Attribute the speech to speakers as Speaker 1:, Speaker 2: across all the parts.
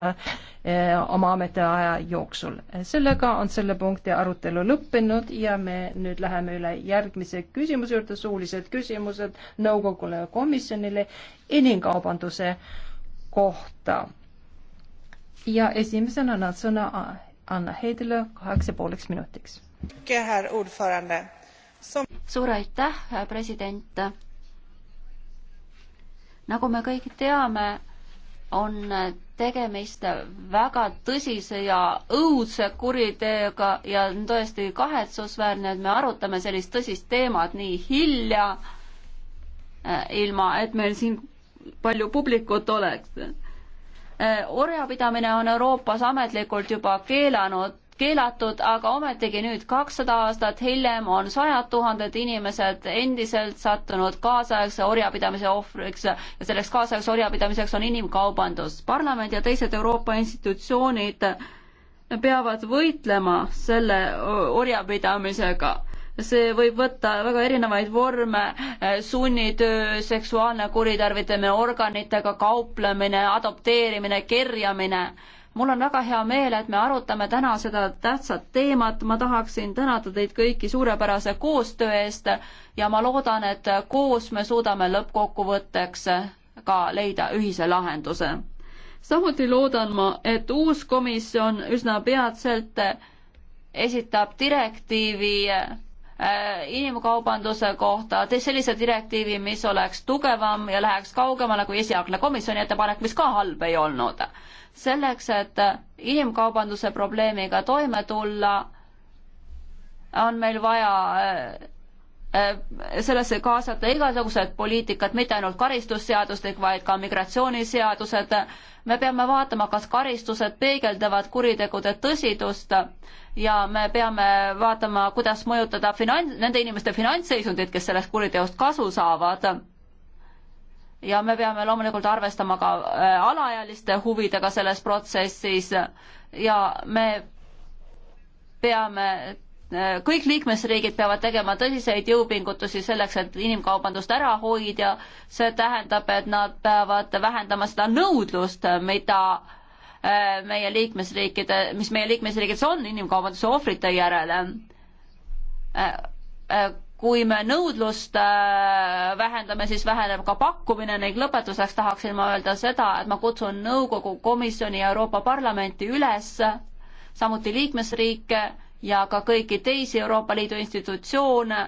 Speaker 1: Äh, oma ametiaja jooksul. sellega on selle punkti arutelu lõppenud ja me nüüd läheme üle järgmise küsimuse juurde, suulised küsimused nõukogule ja komisjonile inimkaubanduse kohta. ja esimesena annan sõna Anna Heidele kaheksa pooleks minutiks.
Speaker 2: suur aitäh, president. nagu me kõik teame, on tegemist väga tõsise ja õudse kuriteoga ja on tõesti kahetsusväärne, et me arutame sellist tõsist teemat nii hilja, äh, ilma et meil siin palju publikut oleks. Äh, orjapidamine on Euroopas ametlikult juba keelanud keelatud, aga ometigi nüüd kakssada aastat hiljem on sajad tuhanded inimesed endiselt sattunud kaasaegse orjapidamise ohvriks ja selleks kaasaegse orjapidamiseks on inimkaubandus. parlament ja teised Euroopa institutsioonid peavad võitlema selle orjapidamisega see võib võtta väga erinevaid vorme, sunnitöö, seksuaalne kuritarvitamine, organitega kauplemine, adopteerimine, kerjamine mul on väga hea meel, et me arutame täna seda tähtsat teemat, ma tahaksin tänada teid kõiki suurepärase koostöö eest ja ma loodan, et koos me suudame lõppkokkuvõtteks ka leida ühise lahenduse. samuti loodan ma, et uus komisjon üsna peatselt esitab direktiivi äh, inimkaubanduse kohta, sellise direktiivi, mis oleks tugevam ja läheks kaugemale kui esialgne komisjoni ettepanek, mis ka halb ei olnud selleks, et inimkaubanduse probleemiga toime tulla, on meil vaja äh, äh, sellesse kaasata igasugused poliitikad, mitte ainult karistusseadustik, vaid ka migratsiooniseadused. me peame vaatama, kas karistused peegeldavad kuritegude tõsidust ja me peame vaatama, kuidas mõjutada finan-, nende inimeste finantsseisundit, kes sellest kuriteost kasu saavad ja me peame loomulikult arvestama ka äh, alaealiste huvidega selles protsessis ja me peame äh, kõik liikmesriigid peavad tegema tõsiseid jõupingutusi selleks, et inimkaubandust ära hoida. see tähendab, et nad peavad vähendama seda nõudlust, mida äh, meie liikmesriikide, mis meie liikmesriigides on inimkaubanduse ohvrite järele kui me nõudlust äh, vähendame, siis väheneb ka pakkumine ning lõpetuseks tahaksin ma öelda seda, et ma kutsun Nõukogu Komisjoni ja Euroopa Parlamenti üles, samuti liikmesriike ja ka kõiki teisi Euroopa Liidu institutsioone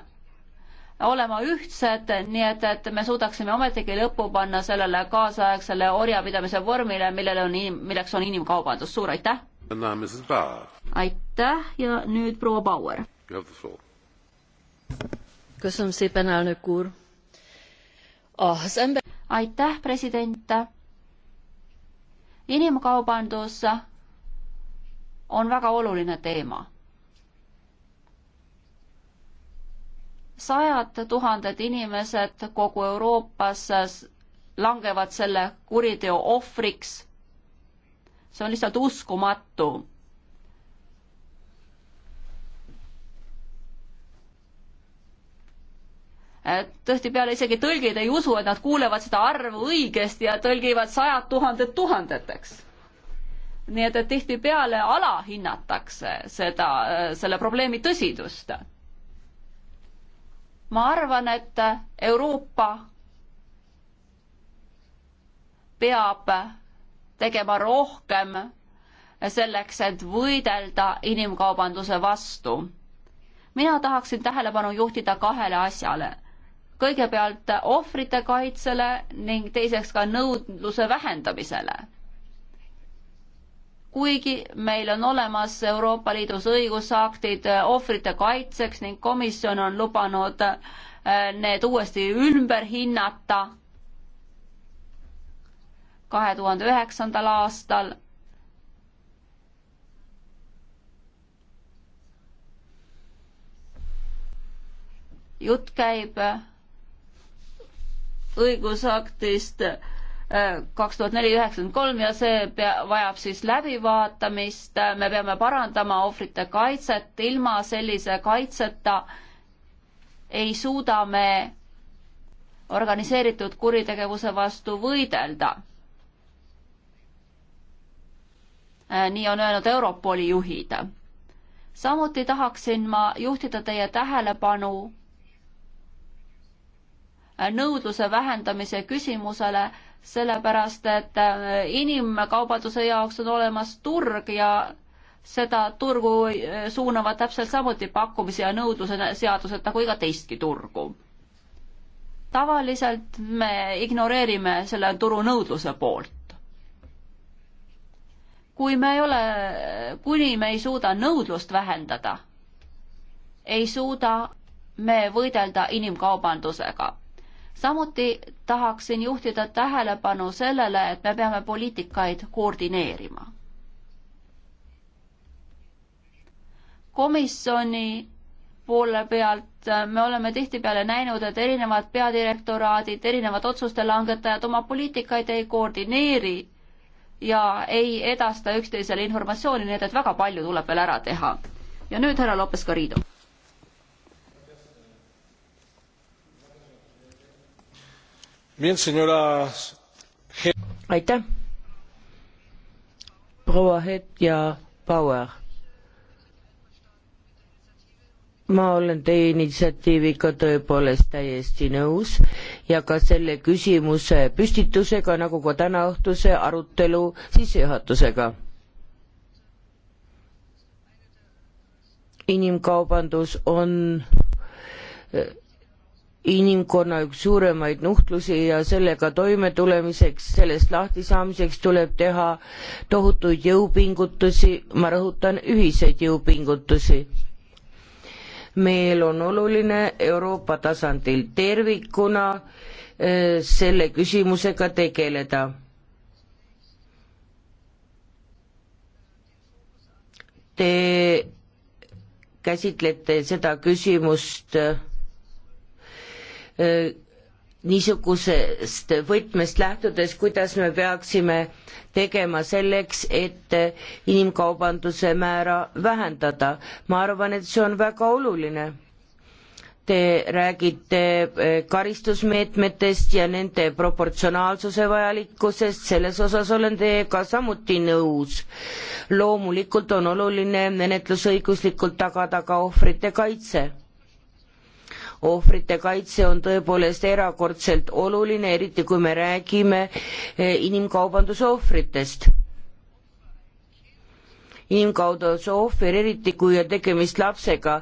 Speaker 2: olema ühtsed, nii et, et me suudaksime ometigi lõpu panna sellele kaasaegsele orjapidamise vormile, millele on, milleks on inimkaubandus. suur aitäh! aitäh ja nüüd proua Bauer. You have the floor aitäh, president. inimkaubandus on väga oluline teema. sajad tuhanded inimesed kogu Euroopas langevad selle kuriteo ohvriks. see on lihtsalt uskumatu Äh, tihtipeale isegi tõlgid ei usu, et nad kuulevad seda arvu õigesti ja tõlgivad sajad tuhanded tuhandeteks. nii et, et tihtipeale alahinnatakse seda, äh, selle probleemi tõsidust. ma arvan, et Euroopa peab tegema rohkem selleks, et võidelda inimkaubanduse vastu. mina tahaksin tähelepanu juhtida kahele asjale kõigepealt ohvrite kaitsele ning teiseks ka nõudluse vähendamisele. kuigi meil on olemas Euroopa Liidus õigusaktid ohvrite kaitseks ning komisjon on lubanud eh, need uuesti ümber hinnata kahe tuhande üheksandal aastal jutt käib õigusaktist äh, kaks tuhat neli üheksakümmend kolm ja see pea, vajab siis läbivaatamist, me peame parandama ohvrite kaitset, ilma sellise kaitseta ei suuda me organiseeritud kuritegevuse vastu võidelda. Äh, nii on öelnud Europoli juhid. samuti tahaksin ma juhtida teie tähelepanu nõudluse vähendamise küsimusele, sellepärast et äh, inimkaubanduse jaoks on olemas turg ja seda turgu äh, suunavad täpselt samuti pakkumise ja nõudluse seadused nagu iga teistki turgu. tavaliselt me ignoreerime selle turu nõudluse poolt kui me ei ole, kuni me ei suuda nõudlust vähendada, ei suuda me võidelda inimkaubandusega samuti tahaksin juhtida tähelepanu sellele, et me peame poliitikaid koordineerima. komisjoni poole pealt me oleme tihtipeale näinud, et erinevad peadirektoraadid, erinevad otsuste langetajad oma poliitikaid ei koordineeri ja ei edasta üksteisele informatsiooni, nii et, et väga palju tuleb veel ära teha. ja nüüd härra Lopes-Garrido.
Speaker 3: aitäh, proua Hett ja Bauer. ma olen teie initsiatiiviga tõepoolest täiesti nõus ja ka selle küsimuse püstitusega, nagu ka tänaõhtuse arutelu sissejuhatusega. inimkaubandus on inimkonna üks suuremaid nuhtlusi ja sellega toimetulemiseks, sellest lahtisaamiseks tuleb teha tohutuid jõupingutusi, ma rõhutan, ühiseid jõupingutusi. meil on oluline Euroopa tasandil tervikuna eh, selle küsimusega tegeleda. Te käsitlete seda küsimust äh, Äh, niisugusest võtmest lähtudes, kuidas me peaksime tegema selleks, et äh, inimkaubanduse määra vähendada. ma arvan, et see on väga oluline. Te räägite äh, karistusmeetmetest ja nende proportsionaalsuse vajalikkusest, selles osas olen teiega samuti nõus. loomulikult on oluline menetlusõiguslikult tagada ka ohvrite kaitse ohvrite kaitse on tõepoolest erakordselt oluline, eriti kui me räägime eh, inimkaubanduse ohvritest inimkaubanduse ohver, eriti kui on tegemist lapsega,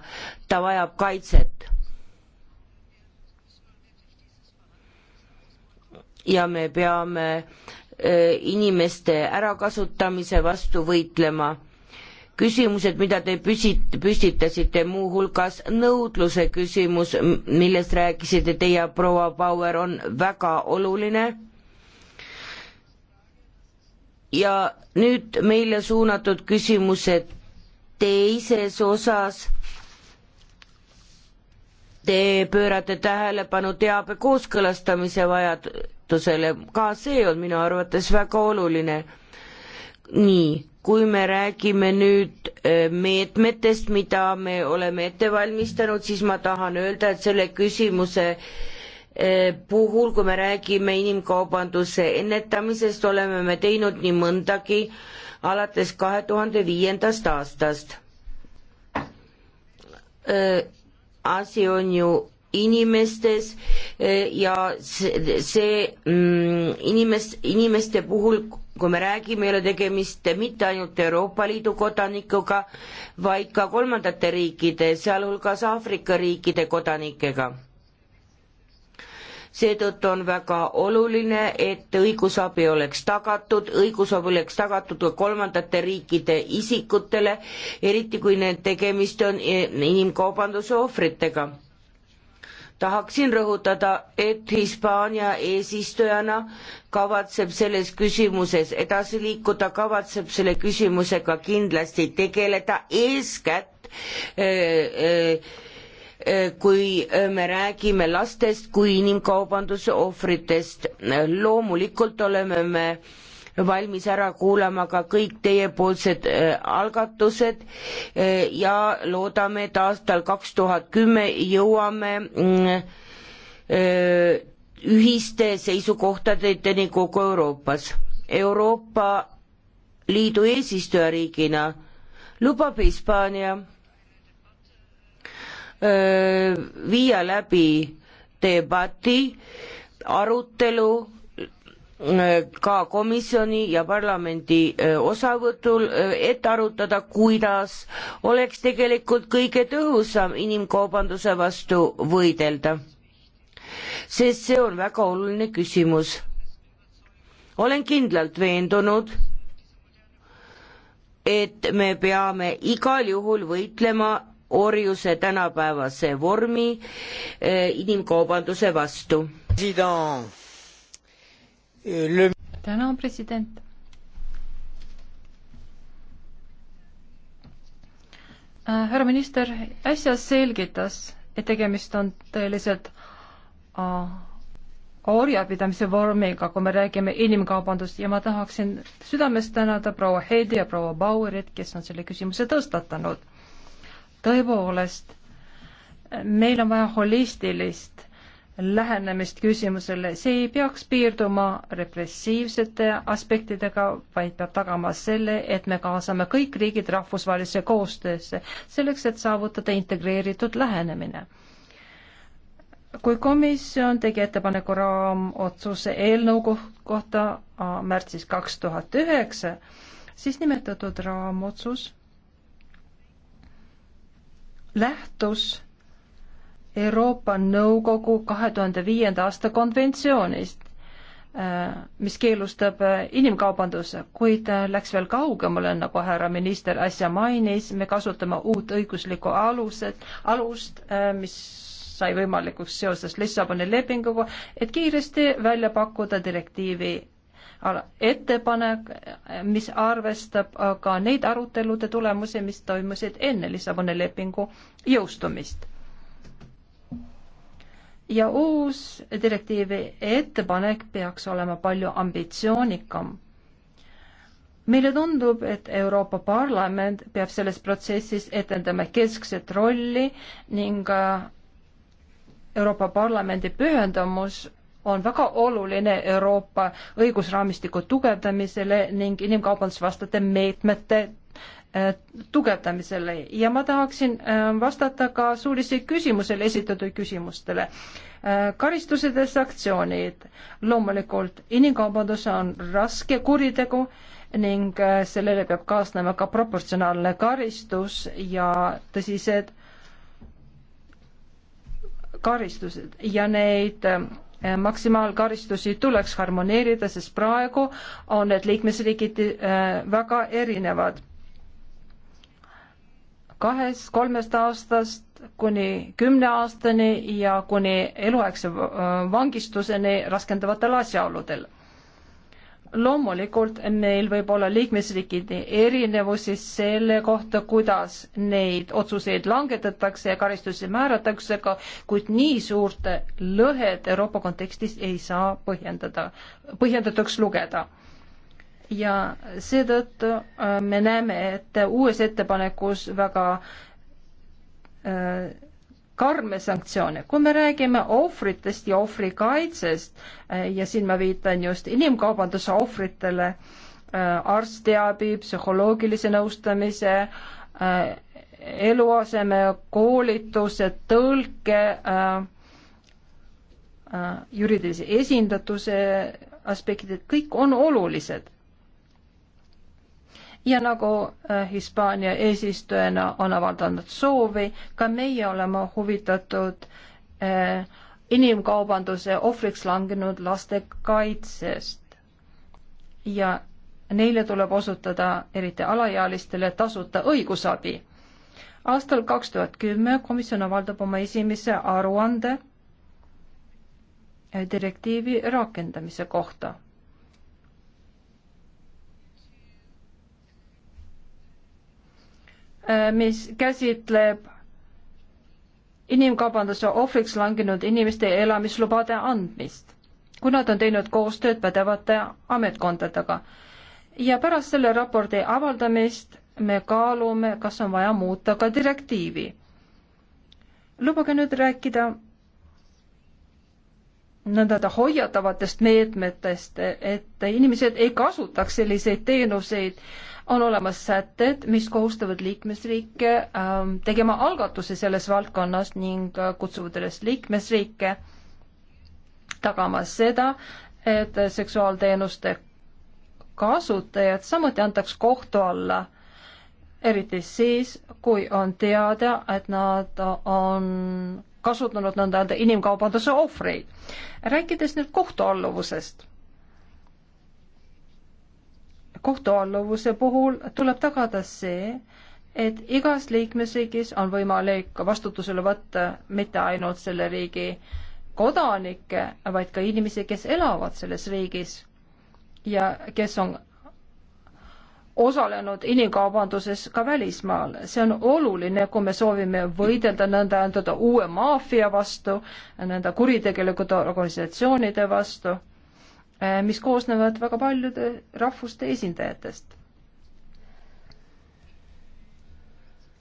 Speaker 3: ta vajab kaitset. ja me peame eh, inimeste ärakasutamise vastu võitlema küsimused, mida te püsit-, püstitasite, muuhulgas nõudluse küsimus, millest rääkisite teie, proua Bauer, on väga oluline. ja nüüd meile suunatud küsimused teises osas te pöörate tähelepanu teabe kooskõlastamise vajadusele, ka see on minu arvates väga oluline nii, kui me räägime nüüd äh, meetmetest, mida me oleme ette valmistanud, siis ma tahan öelda, et selle küsimuse äh, puhul, kui me räägime inimkaubanduse ennetamisest, oleme me teinud nii mõndagi alates kahe tuhande viiendast aastast. Äh, asi on ju inimestes ja see, see mm, inimes-, inimeste puhul kui me räägime, ei ole tegemist mitte ainult Euroopa Liidu kodanikuga, vaid ka kolmandate riikide, sealhulgas Aafrika riikide kodanikega. seetõttu on väga oluline, et õigusabi oleks tagatud, õigusabi oleks tagatud ka kolmandate riikide isikutele, eriti kui need tegemist on inimkaubanduse ohvritega tahaksin rõhutada, et Hispaania eesistujana kavatseb selles küsimuses edasi liikuda, kavatseb selle küsimusega kindlasti tegeleda, eeskätt äh, äh, äh, kui me räägime lastest kui inimkaubanduse ohvritest. loomulikult oleme me valmis ära kuulama ka kõik teiepoolsed äh, algatused äh, ja loodame, et aastal kaks tuhat kümme jõuame mm, äh, ühiste seisukohtadeni kogu Euroopas. Euroopa Liidu eesistujariigina lubab Hispaania viia läbi debati, arutelu Äh, ka komisjoni ja parlamendi äh, osavõtul, äh, et arutada, kuidas oleks tegelikult kõige tõhusam inimkaubanduse vastu võidelda. sest see on väga oluline küsimus. olen kindlalt veendunud, et me peame igal juhul võitlema orjuse tänapäevase vormi inimkaubanduse vastu. president le... tänan, president.
Speaker 1: Äh, härra minister äsja selgitas, et tegemist on tõeliselt äh, orjapidamise vormiga, kui me räägime inimkaubandust ja ma tahaksin südamest tänada proua Heidi ja proua Bauerit, kes on selle küsimuse tõstatanud. tõepoolest, meil on vaja holistilist lähenemist küsimusele, see ei peaks piirduma repressiivsete aspektidega, vaid peab tagama selle, et me kaasame kõik riigid rahvusvahelisse koostöösse, selleks et saavutada integreeritud lähenemine. kui komisjon tegi ettepaneku raamotsuse eelnõu kohta märtsis kaks tuhat üheksa, siis nimetatud raamotsus lähtus Euroopa Nõukogu kahe tuhande viienda aasta konventsioonist, äh, mis keelustab äh, inimkaubanduse, kuid äh, läks veel kaugemale, nagu härra minister äsja mainis, me kasutame uut õiguslikku aluset, alust, mis sai võimalikuks seoses Lissaboni lepinguga, et kiiresti välja pakkuda direktiivi ettepanek, mis arvestab ka neid arutelude tulemusi, mis toimusid enne Lissaboni lepingu jõustumist ja uus direktiivi ettepanek peaks olema palju ambitsioonikam. meile tundub, et Euroopa Parlament peab selles protsessis etendama keskset rolli ning äh, Euroopa Parlamendi pühendumus on väga oluline Euroopa õigusraamistiku tugevdamisele ning inimkaubandusvastaste meetmete Äh, tugevdamisele ja ma tahaksin äh, vastata ka suulisele küsimusele esitatud küsimustele. Äh, karistused ja sanktsioonid. loomulikult inimkaubandus on raske kuritegu ning sellele peab kaasnema ka proportsionaalne karistus ja tõsised karistused ja neid maksimaalkaristusi tuleks harmoneerida, sest praegu on need liikmesriigiti väga erinevad kahest, kolmest aastast kuni kümne aastani ja kuni eluaegse äh, vangistuseni raskendavatel asjaoludel. loomulikult meil võib olla liikmesriikide erinevusi selle kohta, kuidas neid otsuseid langetatakse ja karistusi määratakse, aga kuid nii suurt lõhet Euroopa kontekstis ei saa põhjendada, põhjendatuks lugeda ja seetõttu äh, me näeme, et uues ettepanekus väga äh, karme sanktsioone. kui me räägime ohvritest ja ohvrikaitsest äh, ja siin ma viitan just inimkaubanduse ohvritele, arstiabi, psühholoogilise nõustamise, eluaseme koolituse, tõlke, juriidilise esindatuse aspektid, kõik on olulised ja nagu äh, Hispaania eesistujana on avaldanud soovi, ka meie oleme huvitatud äh, inimkaubanduse ohvriks langenud laste kaitsest. ja neile tuleb osutada, eriti alaealistele, tasuta õigusabi. aastal kaks tuhat kümme komisjon avaldab oma esimese aruande äh, direktiivi rakendamise kohta Äh, mis käsitleb inimkaubanduse ohvriks langenud inimeste elamislubade andmist, kui nad on teinud koostööd pädevate ametkondadega. ja pärast selle raporti avaldamist me kaalume, kas on vaja muuta ka direktiivi. lubage nüüd rääkida nõnda-öelda hoiatavatest meetmetest, et inimesed ei kasutaks selliseid teenuseid äh, on olemas sätted, mis kohustavad liikmesriike ähm, tegema algatusi selles valdkonnas ning äh, kutsuvad üles liikmesriike tagama seda, et seksuaalteenuste kasutajad samuti antaks kohtu alla, eriti siis, kui on teada, et nad on kasutanud nõnda-öelda inimkaubanduse ohvreid. rääkides nüüd kohtualluvusest kohtualluvuse puhul tuleb tagada see, et igas liikmesriigis on võimalik vastutusele võtta mitte ainult selle riigi kodanikke, vaid ka inimesi, kes elavad selles riigis ja kes on osalenud inimkaubanduses ka välismaal. see on oluline, kui me soovime võidelda nõnda-öelda uue maffia vastu, nõnda kuritegelike organisatsioonide vastu Äh, mis koosnevad väga paljude rahvuste esindajatest.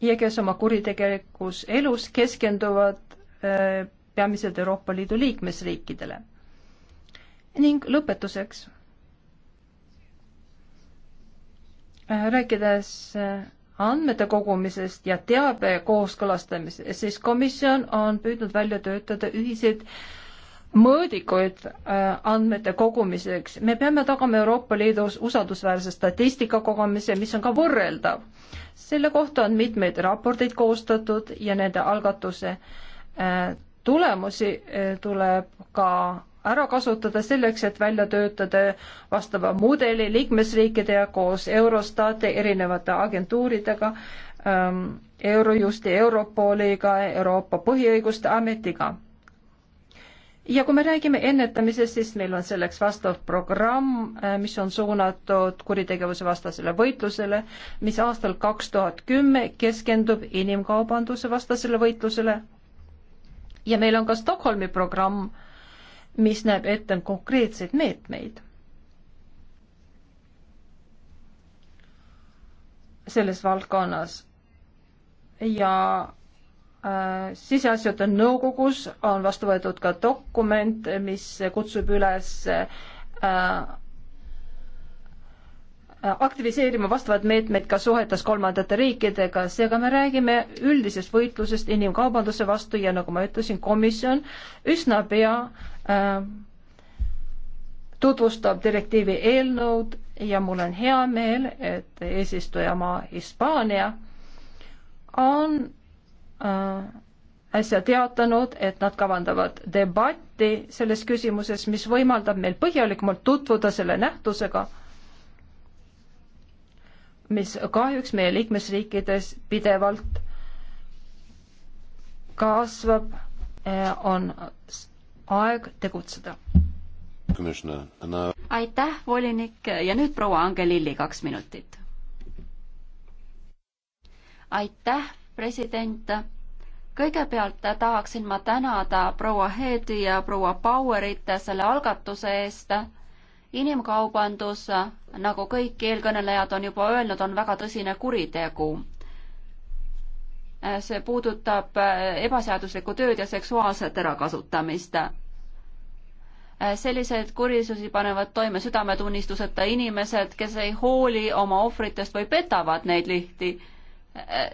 Speaker 1: ja kes oma kuritegelikus elus keskenduvad äh, peamiselt Euroopa Liidu liikmesriikidele. ning lõpetuseks. Äh, rääkides andmete kogumisest ja teabe kooskõlastamisest, siis komisjon on püüdnud välja töötada ühiseid äh, mõõdikuid äh, andmete kogumiseks, me peame tagama Euroopa Liidus usaldusväärse statistika kogumise, mis on ka võrreldav. selle kohta on mitmeid raporteid koostatud ja nende algatuse äh, tulemusi äh, tuleb ka ära kasutada selleks, et välja töötada vastava mudeli liikmesriikide ja koos Eurostati erinevate agentuuridega, ähm, Eurojusti, Europoliga, Euroopa Põhiõiguste Ametiga ja kui me räägime ennetamisest, siis meil on selleks vastav programm, äh, mis on suunatud kuritegevuse vastasele võitlusele, mis aastal kaks tuhat kümme keskendub inimkaubanduse vastasele võitlusele. ja meil on ka Stockholmi programm, mis näeb ette konkreetseid meetmeid. selles valdkonnas ja Äh, siseasjade nõukogus on vastu võetud ka dokument, mis kutsub üles äh, äh, aktiviseerima vastavad meetmed ka suhetes kolmandate riikidega, seega me räägime üldisest võitlusest inimkaubanduse vastu ja nagu ma ütlesin, komisjon üsna pea äh, tutvustab direktiivi eelnõud ja mul on hea meel, et eesistujamaa Hispaania on Äh, äsja teatanud, et nad kavandavad debatti selles küsimuses, mis võimaldab meil põhjalikumalt tutvuda selle nähtusega, mis kahjuks meie liikmesriikides pidevalt kasvab, äh, on aeg tegutseda.
Speaker 2: aitäh, volinik ja nüüd proua Angelilli kaks minutit. aitäh president. kõigepealt tahaksin ma tänada proua Heedi ja proua Bauerit selle algatuse eest. inimkaubandus, nagu kõik eelkõnelejad on juba öelnud, on väga tõsine kuritegu. see puudutab ebaseaduslikku tööd ja seksuaalset ärakasutamist selliseid kurisusi panevad toime südametunnistuseta inimesed, kes ei hooli oma ohvritest või petavad neid lihti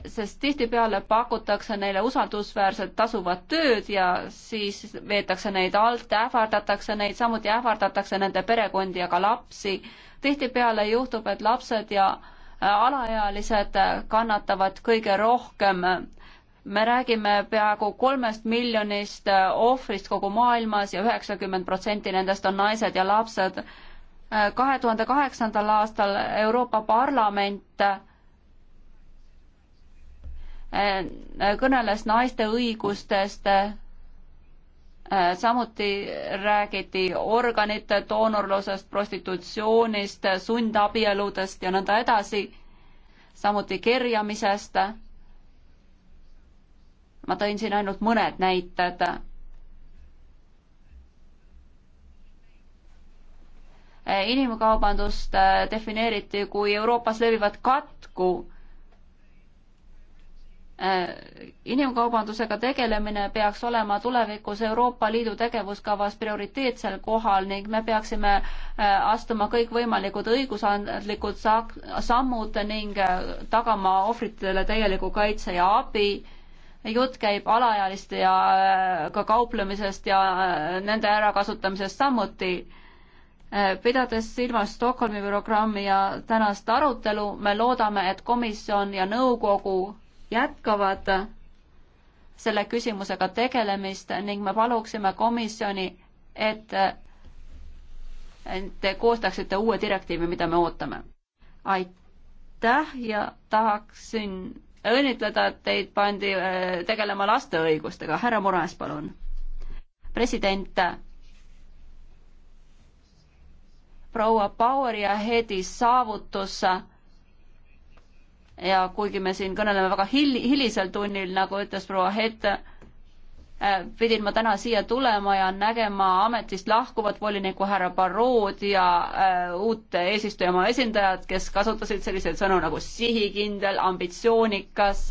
Speaker 2: sest tihtipeale pakutakse neile usaldusväärselt tasuvat tööd ja siis veetakse neid alt, ähvardatakse neid, samuti ähvardatakse nende perekondi ja ka lapsi. tihtipeale juhtub, et lapsed ja äh, alaealised äh, kannatavad kõige rohkem. me räägime peaaegu kolmest miljonist äh, ohvrist kogu maailmas ja üheksakümmend protsenti nendest on naised ja lapsed. kahe tuhande kaheksandal aastal Euroopa Parlament Äh, äh, kõneles naiste õigustest, äh, samuti räägiti organite doonorlusest, prostitutsioonist, sundabieludest ja nõnda edasi, samuti kerjamisest. ma tõin siin ainult mõned näited inimkaubandust defineeriti kui Euroopas levivat katku Äh, inimkaubandusega tegelemine peaks olema tulevikus Euroopa Liidu tegevuskavas prioriteetsel kohal ning me peaksime äh, astuma kõikvõimalikud õigusandlikud sammud ning äh, tagama ohvritele täieliku kaitse ja abi. jutt käib alaealiste ja ka kauplemisest ja nende ärakasutamisest samuti pidades silmas Stockholmi programmi ja tänast arutelu, me loodame, et komisjon ja nõukogu jätkavad selle küsimusega tegelemist ning me paluksime komisjoni, et te koostaksite uue direktiivi, mida me ootame. aitäh ja tahaksin õnnitleda, et teid pandi äh, tegelema laste õigustega. härra Mures, palun. president proua Bauer ja Hedi saavutus ja kuigi me siin kõneleme väga hil-, hilisel tunnil, nagu ütles proua Hett, äh, pidin ma täna siia tulema ja nägema ametist lahkuvat voliniku härra Barood ja äh, uut eesistujamaa esindajat, kes kasutasid selliseid sõnu nagu sihikindel, ambitsioonikas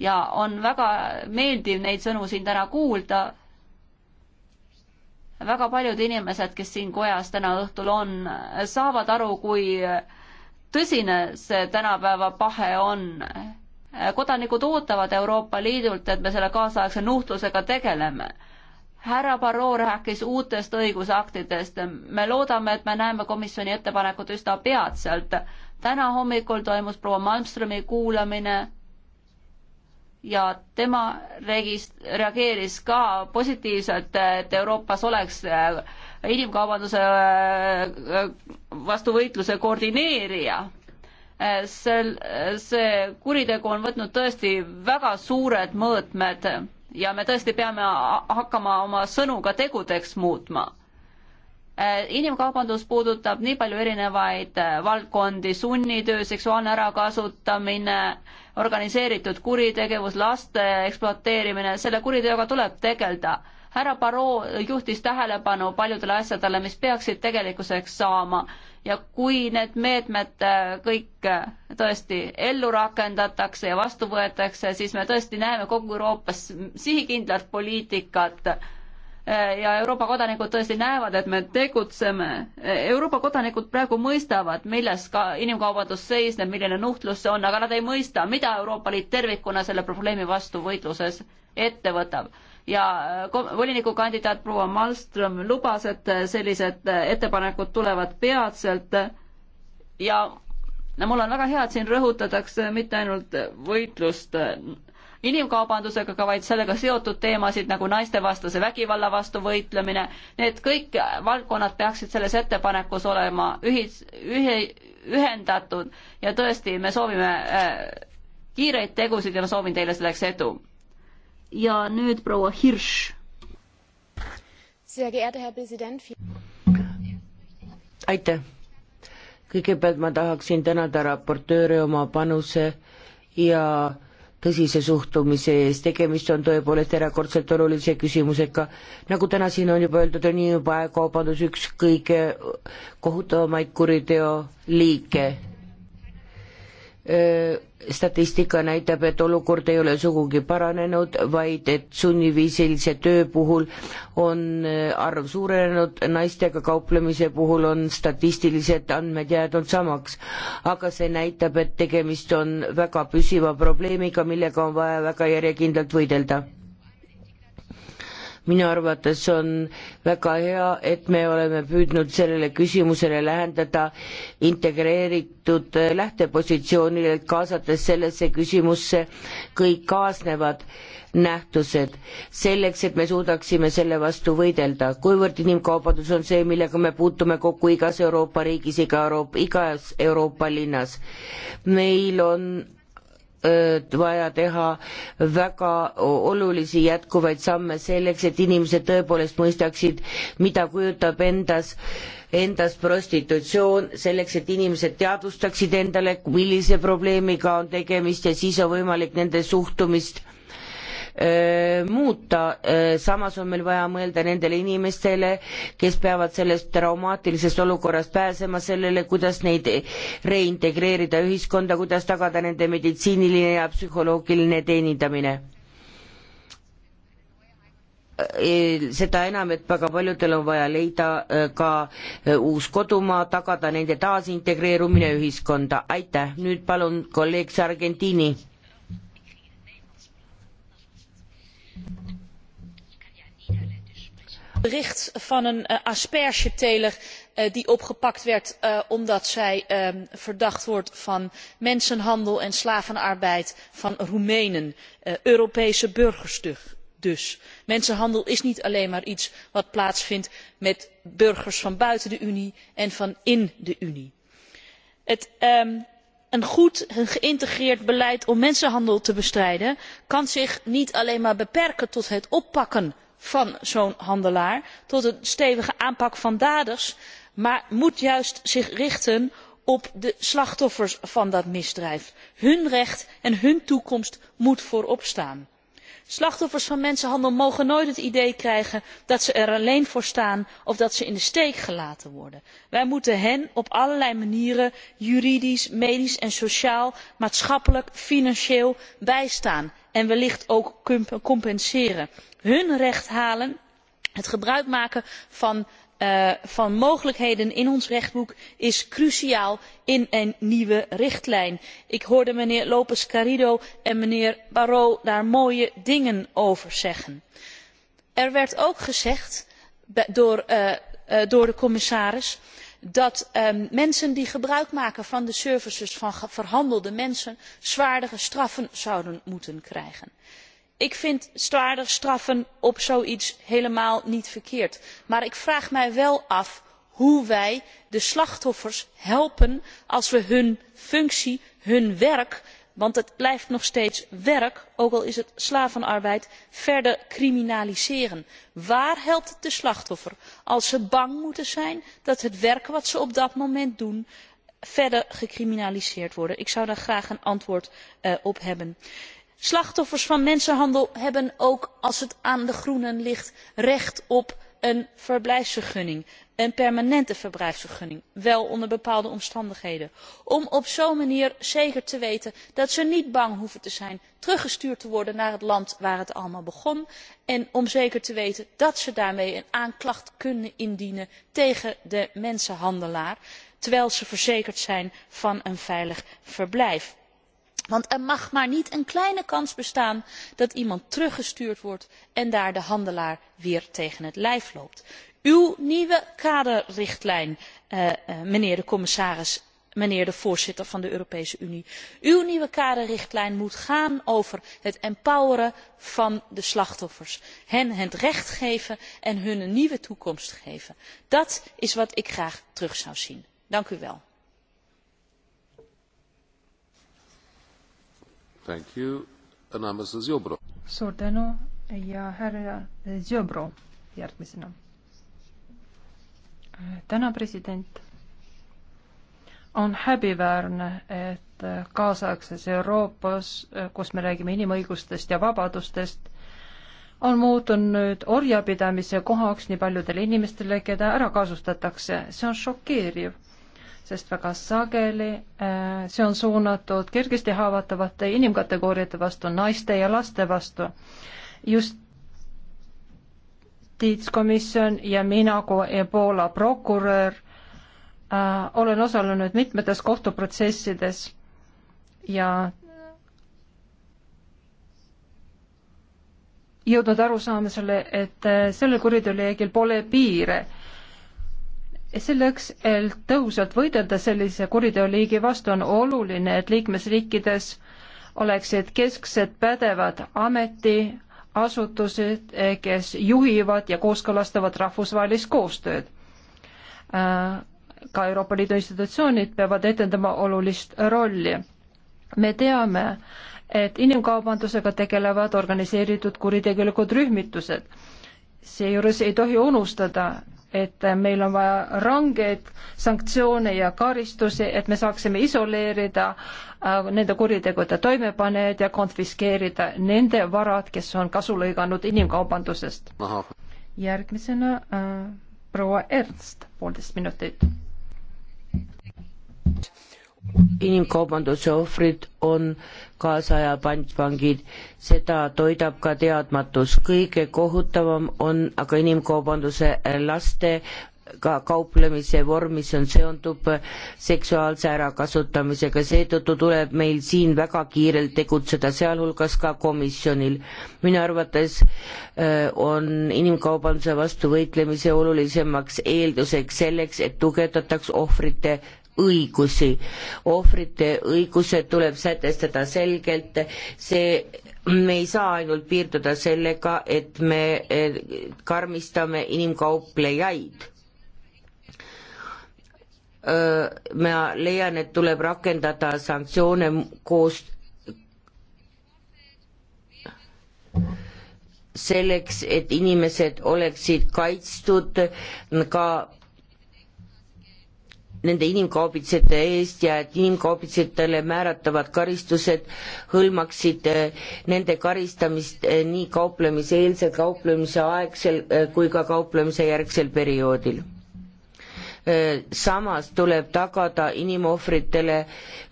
Speaker 2: ja on väga meeldiv neid sõnu siin täna kuulda väga paljud inimesed, kes siin kojas täna õhtul on, saavad aru, kui äh, tõsine see tänapäeva pahe on. kodanikud ootavad Euroopa Liidult, et me selle kaasaegse nuhtlusega tegeleme. härra Barrot rääkis uutest õigusaktidest. me loodame, et me näeme komisjoni ettepanekut üsna peatselt. täna hommikul toimus proua Malmströmi kuulamine ja tema regist-, reageeris ka positiivselt, et Euroopas oleks äh, inimkaubanduse äh, vastu võitluse koordineerija. Äh, sel, see kuritegu on võtnud tõesti väga suured mõõtmed ja me tõesti peame hakkama oma sõnu ka tegudeks muutma äh, inimkaubandus puudutab nii palju erinevaid valdkondi, sunnitöö, seksuaalne ärakasutamine, organiseeritud kuritegevus, laste ekspluateerimine, selle kuriteoga tuleb tegeleda härra Barrot juhtis tähelepanu paljudele asjadele, mis peaksid tegelikkuseks saama ja kui need meetmed äh, kõik äh, tõesti ellu rakendatakse ja vastu võetakse, siis me tõesti näeme kogu Euroopas sihikindlat poliitikat äh, ja Euroopa kodanikud tõesti näevad, et me tegutseme. Euroopa kodanikud praegu mõistavad, milles ka inimkaubandus seisneb, milline nuhtlus see on, aga nad ei mõista, mida Euroopa Liit tervikuna selle probleemi vastu võitluses ette võtab ja äh, volinikukandidaat proua Malmström lubas, et äh, sellised äh, ettepanekud tulevad peatselt ja no mul on väga hea, et siin rõhutatakse mitte ainult võitlust inimkaubandusega, aga vaid sellega seotud teemasid nagu naistevastase vägivalla vastu võitlemine, need kõik valdkonnad peaksid selles ettepanekus olema ühis, ühe, ühendatud ja tõesti, me soovime kiireid tegusid ja ma soovin teile selleks edu
Speaker 3: ja nüüd proua Hirš. aitäh. kõigepealt ma tahaksin tänada raportööre oma panuse ja tõsise suhtumise ees, tegemist on tõepoolest erakordselt olulise küsimusega. nagu täna siin on juba öeldud, on inimkaubandus üks kõige kohutavamaid kuriteoliike statistika näitab, et olukord ei ole sugugi paranenud, vaid et sunniviisilise töö puhul on arv suurenenud, naistega kauplemise puhul on statistilised andmed jäänud samaks. aga see näitab, et tegemist on väga püsiva probleemiga, millega on vaja väga järjekindlalt võidelda minu arvates on väga hea, et me oleme püüdnud sellele küsimusele lähendada integreeritud lähtepositsioonile, kaasates sellesse küsimusse kõik kaasnevad nähtused, selleks, et me suudaksime selle vastu võidelda. kuivõrd inimkaubandus on see, millega me puutume kokku igas Euroopa riigis, iga Euroopa, igas Euroopa linnas. meil on vaja teha väga olulisi jätkuvaid samme selleks, et inimesed tõepoolest mõistaksid, mida kujutab endas, endas prostitutsioon, selleks, et inimesed teadvustaksid endale, millise probleemiga on tegemist ja siis on võimalik nende suhtumist äh, muuta, samas on meil vaja mõelda nendele inimestele, kes peavad sellest traumaatilisest olukorrast pääsema, sellele, kuidas neid reintegreerida ühiskonda, kuidas tagada nende meditsiiniline ja psühholoogiline teenindamine. seda enam, et väga paljudel on vaja leida ka uus kodumaa, tagada nende taasintegreerumine ühiskonda, aitäh, nüüd palun kolleeg Sargentini
Speaker 4: bericht van een eh, aspergeteler eh, die opgepakt werd eh, omdat zij ehm, verdacht wordt van mensenhandel en slavenarbeid van roemenen europese burgers dus. mensenhandel is niet alleen maar iets wat plaatsvindt met burgers van buiten de unie en van in de unie. Ehm, een goed geïntegreerd beleid om mensenhandel te bestrijden kan zich niet alleen maar beperken tot het oppakken van zo'n handelaar tot een stevige aanpak van daders maar moet juist zich richten op de slachtoffers van dat misdrijf. hun recht en hun toekomst moet voorop staan. slachtoffers van mensenhandel mogen nooit het idee krijgen dat ze er alleen voor staan of dat ze in de steek gelaten worden. wij moeten hen op allerlei manieren juridisch medisch en sociaal maatschappelijk financieel bijstaan en wellicht ook compenseren hun recht halen het gebruik maken van eh, mogelijkheden in ons wetboek is cruciaal in een nieuwe richtlijn. ik hoorde de heer lpez garrido en de heer barrot daar mooie dingen over zeggen. er werd ook gezegd eh, eh, door de commissaris dat ehm, mensen die gebruikmaken van de services van verhandelde mensen zwaardere straffen zouden moeten krijgen ik vind zwaardere straffen voor zoiets helemaal niet verkeerd maar ik vraag mij wel af hoe wij de slachtoffers helpen als wij hun functie hun werk want het blijft nog steeds werk ook al is het slavenarbeid verder criminaliseren. waar helpt het de slachtoffer als zij bang moeten zijn dat het werk dat zij op dat moment doen verder gecriminaliseerd wordt? ik zou daar graag een antwoord eh, op hebben slachtoffers van mensenhandel hebben ook als het aan de groenen ligt recht op een verblijfsvergunning een permanente verblijfsvergunning wel onder bepaalde omstandigheden om op zo'n manier zeker te weten dat ze niet bang hoeven te zijn teruggestuurd te worden naar het land waar het allemaal begon en om zeker te weten dat ze daarmee een aanklacht kunnen indienen tegen de mensenhandelaar terwijl ze verzekerd zijn van een veilig verblijf want er mag maar niet een kleine kans bestaan dat iemand teruggestuurd wordt en daar de handelaar weer tegen het lijf loopt. uw nieuwe kaderrichtlijn eh, eh, mijnheer de commissaris mijnheer de voorzitter van de europese unie moet gaan over het empoweren van de slachtoffers hen het recht geven en hun een nieuwe toekomst geven. dat is wat ik graag terug zou zien. dank u wel.
Speaker 1: suur tänu ja härra Zjobro järgmisena. täna president on häbiväärne, et kaasaegses Euroopas, kus me räägime inimõigustest ja vabadustest, on muutunud orjapidamise kohaks nii paljudele inimestele, keda ära kasustatakse. see on šokeeriv sest väga sageli äh, see on suunatud kergesti haavatavate inimkategooriate vastu, naiste ja laste vastu. justiitskomisjon ja mina kui Poola prokurör äh, olen osalenud mitmetes kohtuprotsessides ja jõudnud arusaamisele, et äh, sellel kuriteoliigil pole piire selleks, et tõhusalt võidelda sellise kuriteoliigi vastu, on oluline, et liikmesriikides oleksid kesksed pädevad ametiasutused, eh, kes juhivad ja kooskõlastavad rahvusvahelist koostööd. Äh, ka Euroopa Liidu institutsioonid peavad etendama olulist rolli. me teame, et inimkaubandusega tegelevad organiseeritud kuritegelikud rühmitused. seejuures ei tohi unustada, et meil on vaja rangeid sanktsioone ja karistusi, et me saaksime isoleerida äh, nende kuritegude toimepanejad ja konfiskeerida nende varad, kes on kasu lõiganud inimkaubandusest. järgmisena äh, proua Ernst, poolteist minutit.
Speaker 3: inimkaubanduse ohvrid on kaasaja pantvangid, seda toidab ka teadmatus. kõige kohutavam on aga inimkaubanduse laste ka kauplemise vorm, mis on, seondub seksuaalse ärakasutamisega, seetõttu tuleb meil siin väga kiirelt tegutseda, sealhulgas ka komisjonil. minu arvates on inimkaubanduse vastu võitlemise olulisemaks eelduseks selleks, et tugevdataks ohvrite õigusi. ohvrite õigused tuleb sätestada selgelt, see me ei saa ainult piirduda sellega, et me eh, karmistame inimkauplejaid. ma leian, et tuleb rakendada sanktsioone koos selleks, et inimesed oleksid kaitstud ka nende inimkaubitsejate eest ja et inimkaubitsejatele määratavad karistused hõlmaksid äh, nende karistamist äh, nii kauplemise eelsel, kauplemise aegsel äh, kui ka kauplemise järgsel perioodil. samas tuleb tagada inimohvritele,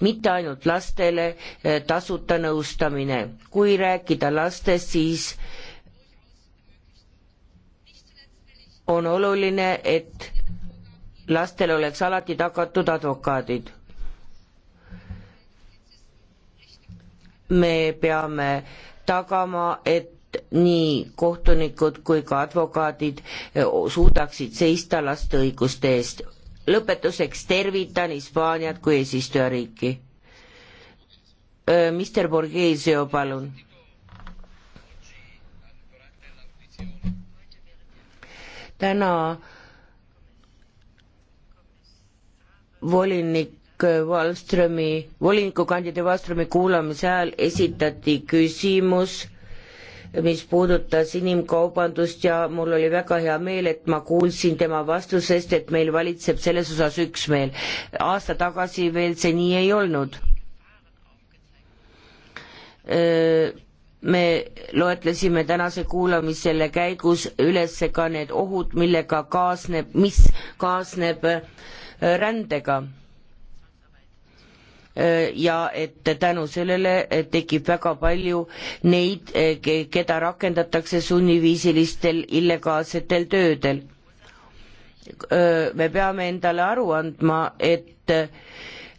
Speaker 3: mitte ainult lastele, tasuta nõustamine. kui rääkida lastest, siis on oluline, et lastele oleks alati tagatud advokaadid. me peame tagama, et nii kohtunikud kui ka advokaadid eh, suudaksid seista laste õiguste eest. lõpetuseks tervitan Hispaaniat kui eesistujariiki. Eh, mister Borghesio, palun. täna volinik Wallströmi, volinikukandidaat Wallströmi kuulamise ajal esitati küsimus, mis puudutas inimkaubandust ja mul oli väga hea meel, et ma kuulsin tema vastusest, et meil valitseb selles osas üksmeel. aasta tagasi veel see nii ei olnud. me loetlesime tänase kuulamisele käigus üles ka need ohud, millega kaasneb, mis kaasneb äh, rändega. Äh, ja et tänu sellele tekib väga palju neid, äh, keda rakendatakse sunniviisilistel illegaalsetel töödel. Äh, me peame endale aru andma, et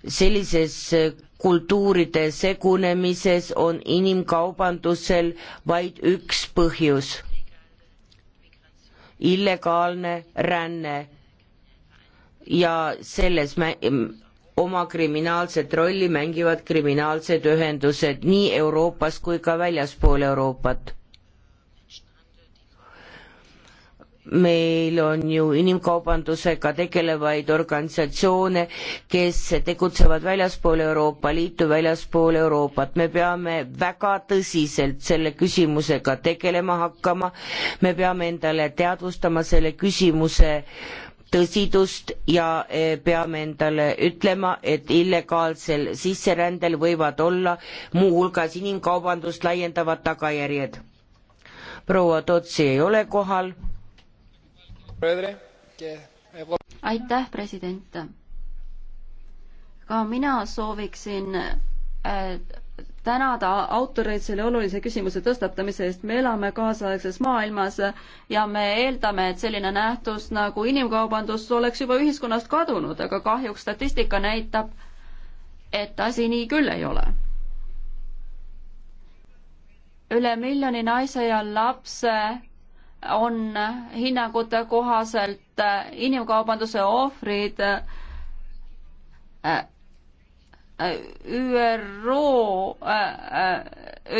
Speaker 3: sellises kultuuride segunemises on inimkaubandusel vaid üks põhjus illegaalne ränne ja selles mm, oma kriminaalset rolli mängivad kriminaalsed ühendused nii Euroopas kui ka väljaspool Euroopat. meil on ju inimkaubandusega tegelevaid organisatsioone, kes tegutsevad väljaspool Euroopa Liitu, väljaspool Euroopat. me peame väga tõsiselt selle küsimusega tegelema hakkama, me peame endale teadvustama selle küsimuse äh, tõsidust ja eh, peame endale ütlema, et illegaalsel sisserändel võivad olla muuhulgas inimkaubandust laiendavad tagajärjed. proua Tootsi ei ole kohal.
Speaker 2: aitäh, president. ka mina sooviksin eh, tänada autoreid selle olulise küsimuse tõstatamise eest. me elame kaasaegses maailmas ja me eeldame, et selline nähtus nagu inimkaubandus oleks juba ühiskonnast kadunud, aga kahjuks statistika näitab, et asi nii küll ei ole. üle miljoni naise ja lapse on hinnangute kohaselt inimkaubanduse ohvrid ÜRO äh, äh,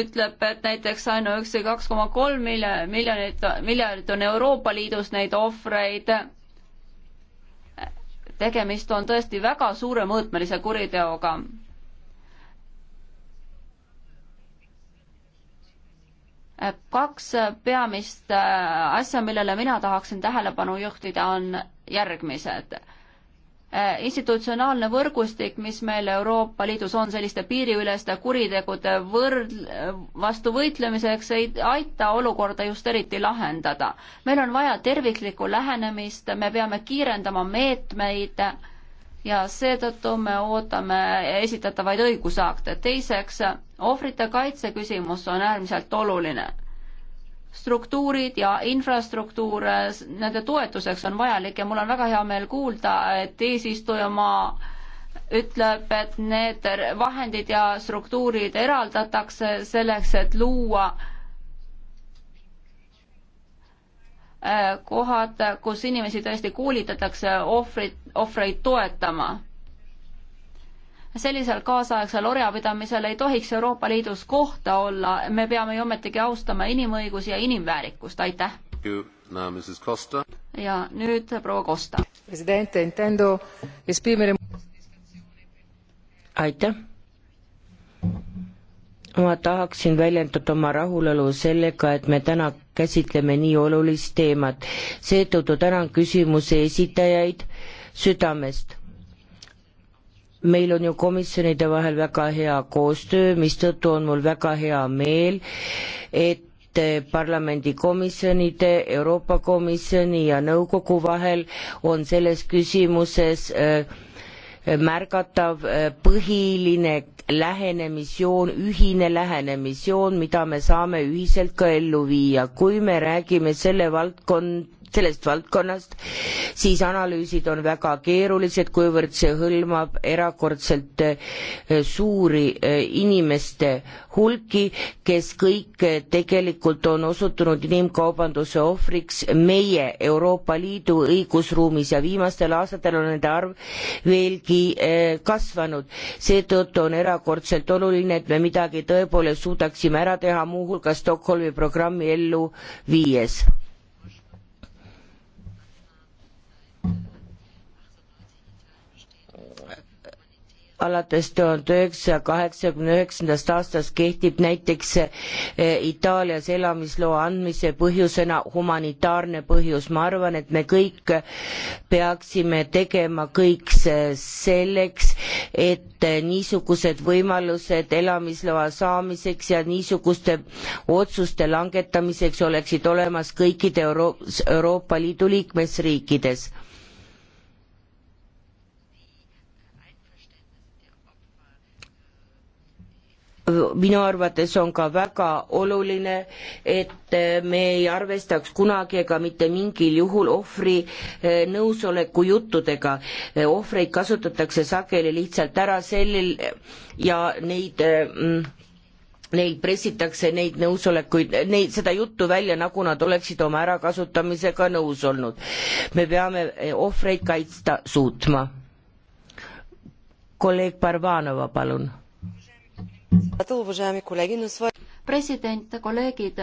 Speaker 2: ütleb, et näiteks ainuüksi kaks koma kolm miljonit, miljardit on Euroopa Liidus neid ohvreid. tegemist on tõesti väga suuremõõtmelise kuriteoga kaks peamist äh, asja, millele mina tahaksin tähelepanu juhtida, on järgmised. Äh, institutsionaalne võrgustik, mis meil Euroopa Liidus on selliste piiriüleste kuritegude võrd-, vastu võitlemiseks, ei aita olukorda just eriti lahendada. meil on vaja terviklikku lähenemist, me peame kiirendama meetmeid ja seetõttu me ootame esitatavaid õigusakte. teiseks, ohvrite kaitse küsimus on äärmiselt oluline struktuurid ja infrastruktuur nende toetuseks on vajalik ja mul on väga hea meel kuulda, et eesistujamaa ütleb, et need vahendid ja struktuurid eraldatakse selleks, et luua eh, kohad, kus inimesi tõesti koolitatakse ohvrit, ohvreid toetama sellisel kaasaegsel orjapidamisel ei tohiks Euroopa Liidus kohta olla, me peame ju ometigi austama inimõigusi ja inimväärikust, aitäh! ja nüüd proua Costa.
Speaker 3: aitäh! ma tahaksin väljendada oma rahulolu sellega, et me täna käsitleme nii olulist teemat. seetõttu tänan küsimuse esitajaid südamest meil on ju komisjonide vahel väga hea koostöö, mistõttu on mul väga hea meel, et parlamendikomisjonide, Euroopa Komisjoni ja nõukogu vahel on selles küsimuses äh, märgatav äh, põhiline lähenemisjoon, ühine lähenemisjoon, mida me saame ühiselt ka ellu viia. kui me räägime selle valdkond, sellest valdkonnast, siis analüüsid on väga keerulised, kuivõrd see hõlmab erakordselt eh, suuri eh, inimeste hulki, kes kõik eh, tegelikult on osutunud inimkaubanduse ohvriks meie Euroopa Liidu õigusruumis ja viimastel aastatel on nende arv veelgi kasvanud. seetõttu on erakordselt oluline, et me midagi tõepoolest suudaksime ära teha, muuhulgas Stockholmi programmi ellu viies. alates tuhande üheksasaja kaheksakümne üheksandast aastast kehtib näiteks eh, Itaalias elamisloa andmise põhjusena humanitaarne põhjus. ma arvan, et me kõik peaksime tegema kõik selleks, et niisugused võimalused elamisloa saamiseks ja niisuguste otsuste langetamiseks oleksid olemas kõikide Euro Euroopa Liidu liikmesriikides minu arvates on ka väga oluline, et me ei arvestaks kunagi ega mitte mingil juhul ohvri eh, nõusoleku juttudega. Eh, ohvreid kasutatakse sageli lihtsalt ära sellel ja neid eh, mm, Neil pressitakse neid nõusolekuid, neid, seda juttu välja, nagu nad oleksid oma ärakasutamisega nõus olnud. me peame ohvreid kaitsta suutma. kolleeg Barbanova, palun
Speaker 2: president, kolleegid,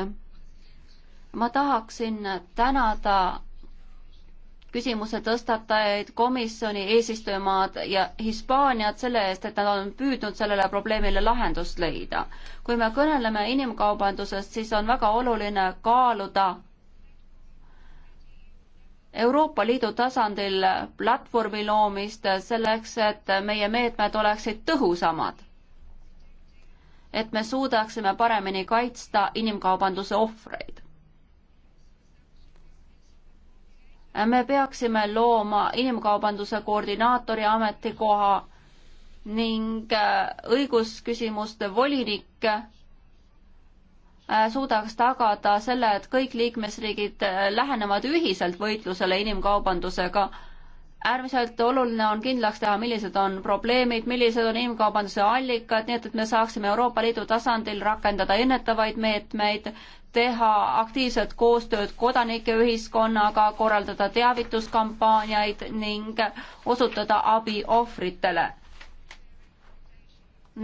Speaker 2: ma tahaksin tänada küsimuse tõstatajaid, komisjoni eesistujamaad ja Hispaaniat selle eest, et nad on püüdnud sellele probleemile lahendust leida. kui me kõneleme inimkaubandusest, siis on väga oluline kaaluda Euroopa Liidu tasandil platvormi loomist selleks, et meie meetmed oleksid tõhusamad et me suudaksime paremini kaitsta inimkaubanduse ohvreid. me peaksime looma inimkaubanduse koordinaatori ametikoha ning äh, õigusküsimuste volinik äh, suudaks tagada selle, et kõik liikmesriigid äh, lähenevad ühiselt võitlusele inimkaubandusega äärmiselt oluline on kindlaks teha, millised on probleemid, millised on inimkaubanduse allikad, nii et, et me saaksime Euroopa Liidu tasandil rakendada ennetavaid meetmeid, teha aktiivset koostööd kodanike ühiskonnaga, korraldada teavituskampaaniaid ning osutada abi ohvritele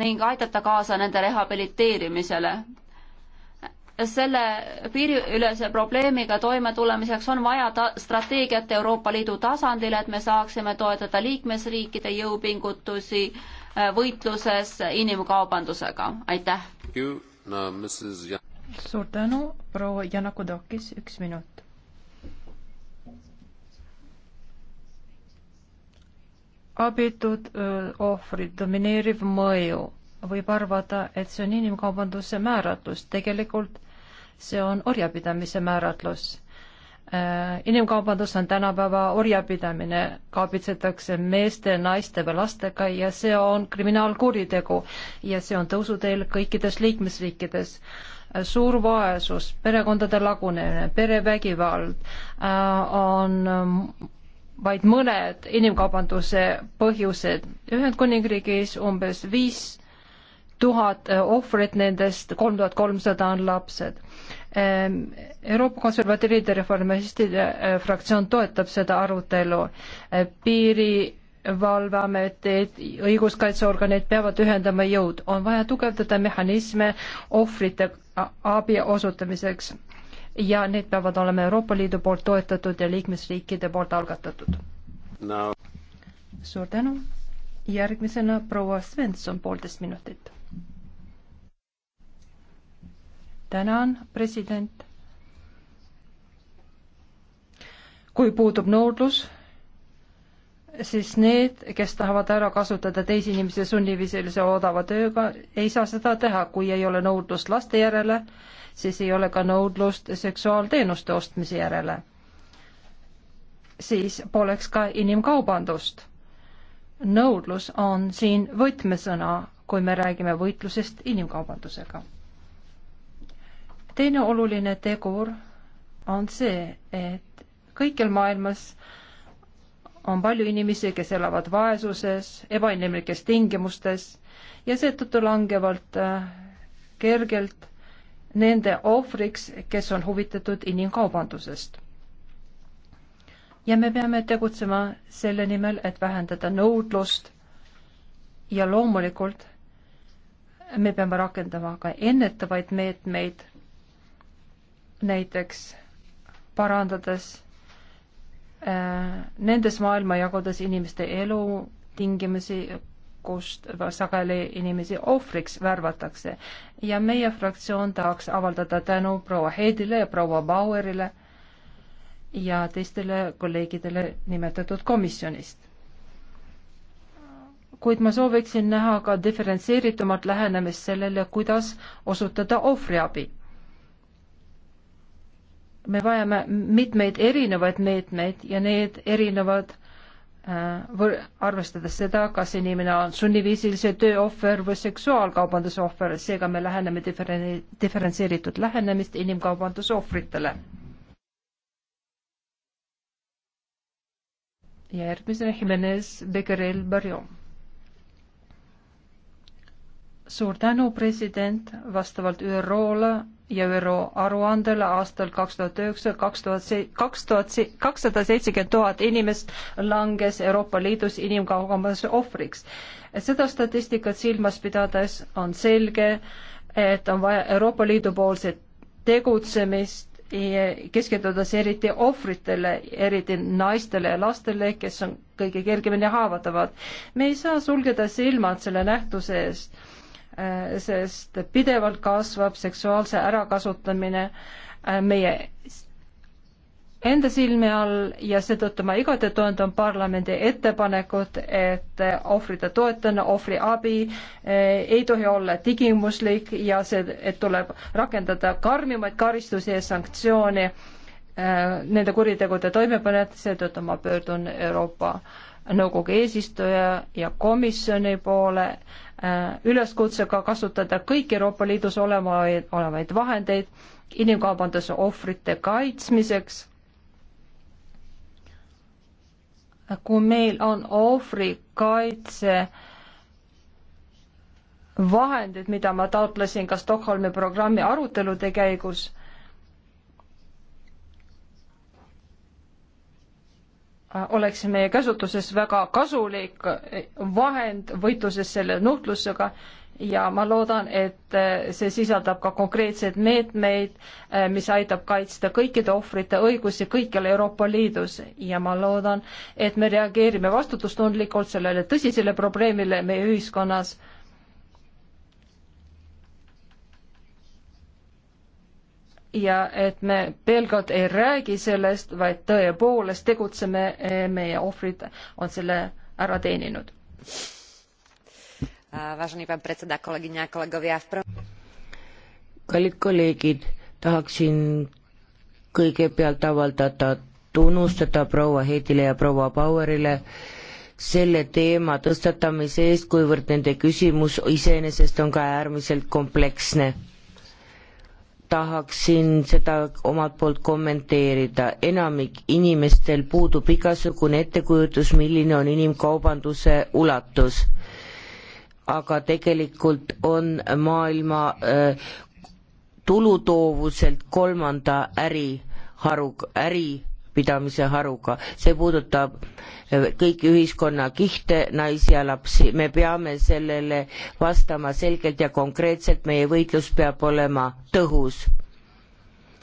Speaker 2: ning aidata kaasa nende rehabiliteerimisele selle piiriülese probleemiga toimetulemiseks on vaja ta-, strateegiat Euroopa Liidu tasandil, et me saaksime toetada liikmesriikide jõupingutusi äh, võitluses inimkaubandusega, aitäh!
Speaker 1: suur tänu, proua Janakudakis, üks minut. abitud ohvrid, domineeriv mõju võib arvata, et see on inimkaubanduse määratlus, tegelikult see on orjapidamise määratlus. Äh, inimkaubandus on tänapäeva orjapidamine, kaabitsetakse meeste, naiste või lastega ja see on kriminaalkuritegu ja see on tõusuteel kõikides liikmesriikides äh, suur vaesus, perekondade lagunemine, perevägivald äh, on ähm, vaid mõned inimkaubanduse põhjused. Ühendkuningriigis umbes viis tuhat äh, ohvrit, nendest kolm tuhat kolmsada on lapsed. Ähm, Euroopa Konservatiivide Reformistide äh, fraktsioon toetab seda arutelu. Äh, piirivalveametid, õiguskaitseorganid peavad ühendama jõud, on vaja tugevdada mehhanisme ohvrite abi osutamiseks ja need peavad olema Euroopa Liidu poolt toetatud ja liikmesriikide poolt algatatud no.. suur tänu. järgmisena proua Svensson, poolteist minutit tänan, president. kui puudub nõudlus, siis need, kes tahavad ära kasutada teisi inimesi sunniviisilise odava tööga, ei saa seda teha, kui ei ole nõudlust laste järele, siis ei ole ka nõudlust seksuaalteenuste ostmise järele. siis poleks ka inimkaubandust. nõudlus on siin võtmesõna, kui me räägime võitlusest inimkaubandusega teine oluline tegur on see, et kõikjal maailmas on palju inimesi, kes elavad vaesuses, ebainimlikes tingimustes ja seetõttu langevad äh, kergelt nende ohvriks, kes on huvitatud inimkaubandusest. ja me peame tegutsema selle nimel, et vähendada nõudlust ja loomulikult me peame rakendama ka ennetavaid meetmeid näiteks parandades äh, nendes maailmajagudes inimeste elutingimusi, kust sageli inimesi ohvriks värvatakse. ja meie fraktsioon tahaks avaldada tänu proua Heidile ja proua Bauerile ja teistele kolleegidele nimetatud komisjonist. kuid ma sooviksin näha ka diferentseeritumat lähenemist sellele, kuidas osutada ohvriabi me vajame mitmeid erinevaid meetmeid ja need erinevad äh, arvestades seda, kas inimene on sunniviisilise töö ohver või seksuaalkaubanduse ohver, seega me läheneme diferen-, diferentseeritud lähenemist inimkaubanduse ohvritele. järgmisena Jimenez Becerril Barrio. suur tänu, president, vastavalt ÜRO-le ja ÜRO aruandele aastal kaks tuhat üheksa, kaks tuhat se-, kaks tuhat se-, kakssada seitsekümmend tuhat inimest langes Euroopa Liidus inimkaubanduse ohvriks. seda statistikat silmas pidades on selge, et on vaja Euroopa Liidu poolset tegutsemist keskendudes eriti ohvritele, eriti naistele ja lastele, kes on kõige kergemini haavatavad. me ei saa sulgeda silmad selle nähtuse eest sest pidevalt kasvab seksuaalse ärakasutamine äh, meie enda silme all ja seetõttu ma igati toetan parlamendi ettepanekut, et ohvrite toetamine, ohvri abi äh, ei tohi olla tingimuslik ja see, et tuleb rakendada karmimaid karistusi ja sanktsioone äh, nende kuritegude toimepanijate, seetõttu ma pöördun Euroopa nõukogu eesistuja ja komisjoni poole äh, üleskutsega kasutada kõiki Euroopa Liidus olevaid, olevaid vahendeid inimkaubanduse ohvrite kaitsmiseks. kui meil on ohvrikaitse vahendid, mida ma taotlesin ka Stockholmi programmi arutelude käigus oleks meie käsutuses väga kasulik vahend võitluses selle nuhtlusega ja ma loodan, et see sisaldab ka konkreetseid meetmeid, mis aitab kaitsta kõikide ohvrite õigusi kõikjal Euroopa Liidus ja ma loodan, et me reageerime vastutustundlikult sellele tõsisele probleemile meie ühiskonnas äh, ja et me pelgalt ei räägi sellest, vaid tõepoolest tegutseme, eh, meie ohvrid on
Speaker 3: selle ära teeninud.
Speaker 1: Äh,
Speaker 3: kallid kolleegid, tahaksin kõigepealt avaldada, tunnustada proua Heedile ja proua Bauerile selle teema tõstatamise eest, kuivõrd nende küsimus iseenesest on ka äärmiselt kompleksne tahaksin seda omalt poolt kommenteerida. enamik inimestel puudub igasugune ettekujutus, milline on inimkaubanduse ulatus. aga tegelikult on maailma äh, tulutoovuselt kolmanda äri haru, äri pidamise haruga. see puudutab eh, kõiki ühiskonnakihte, naisi ja lapsi. me peame sellele vastama selgelt ja konkreetselt, meie võitlus peab olema tõhus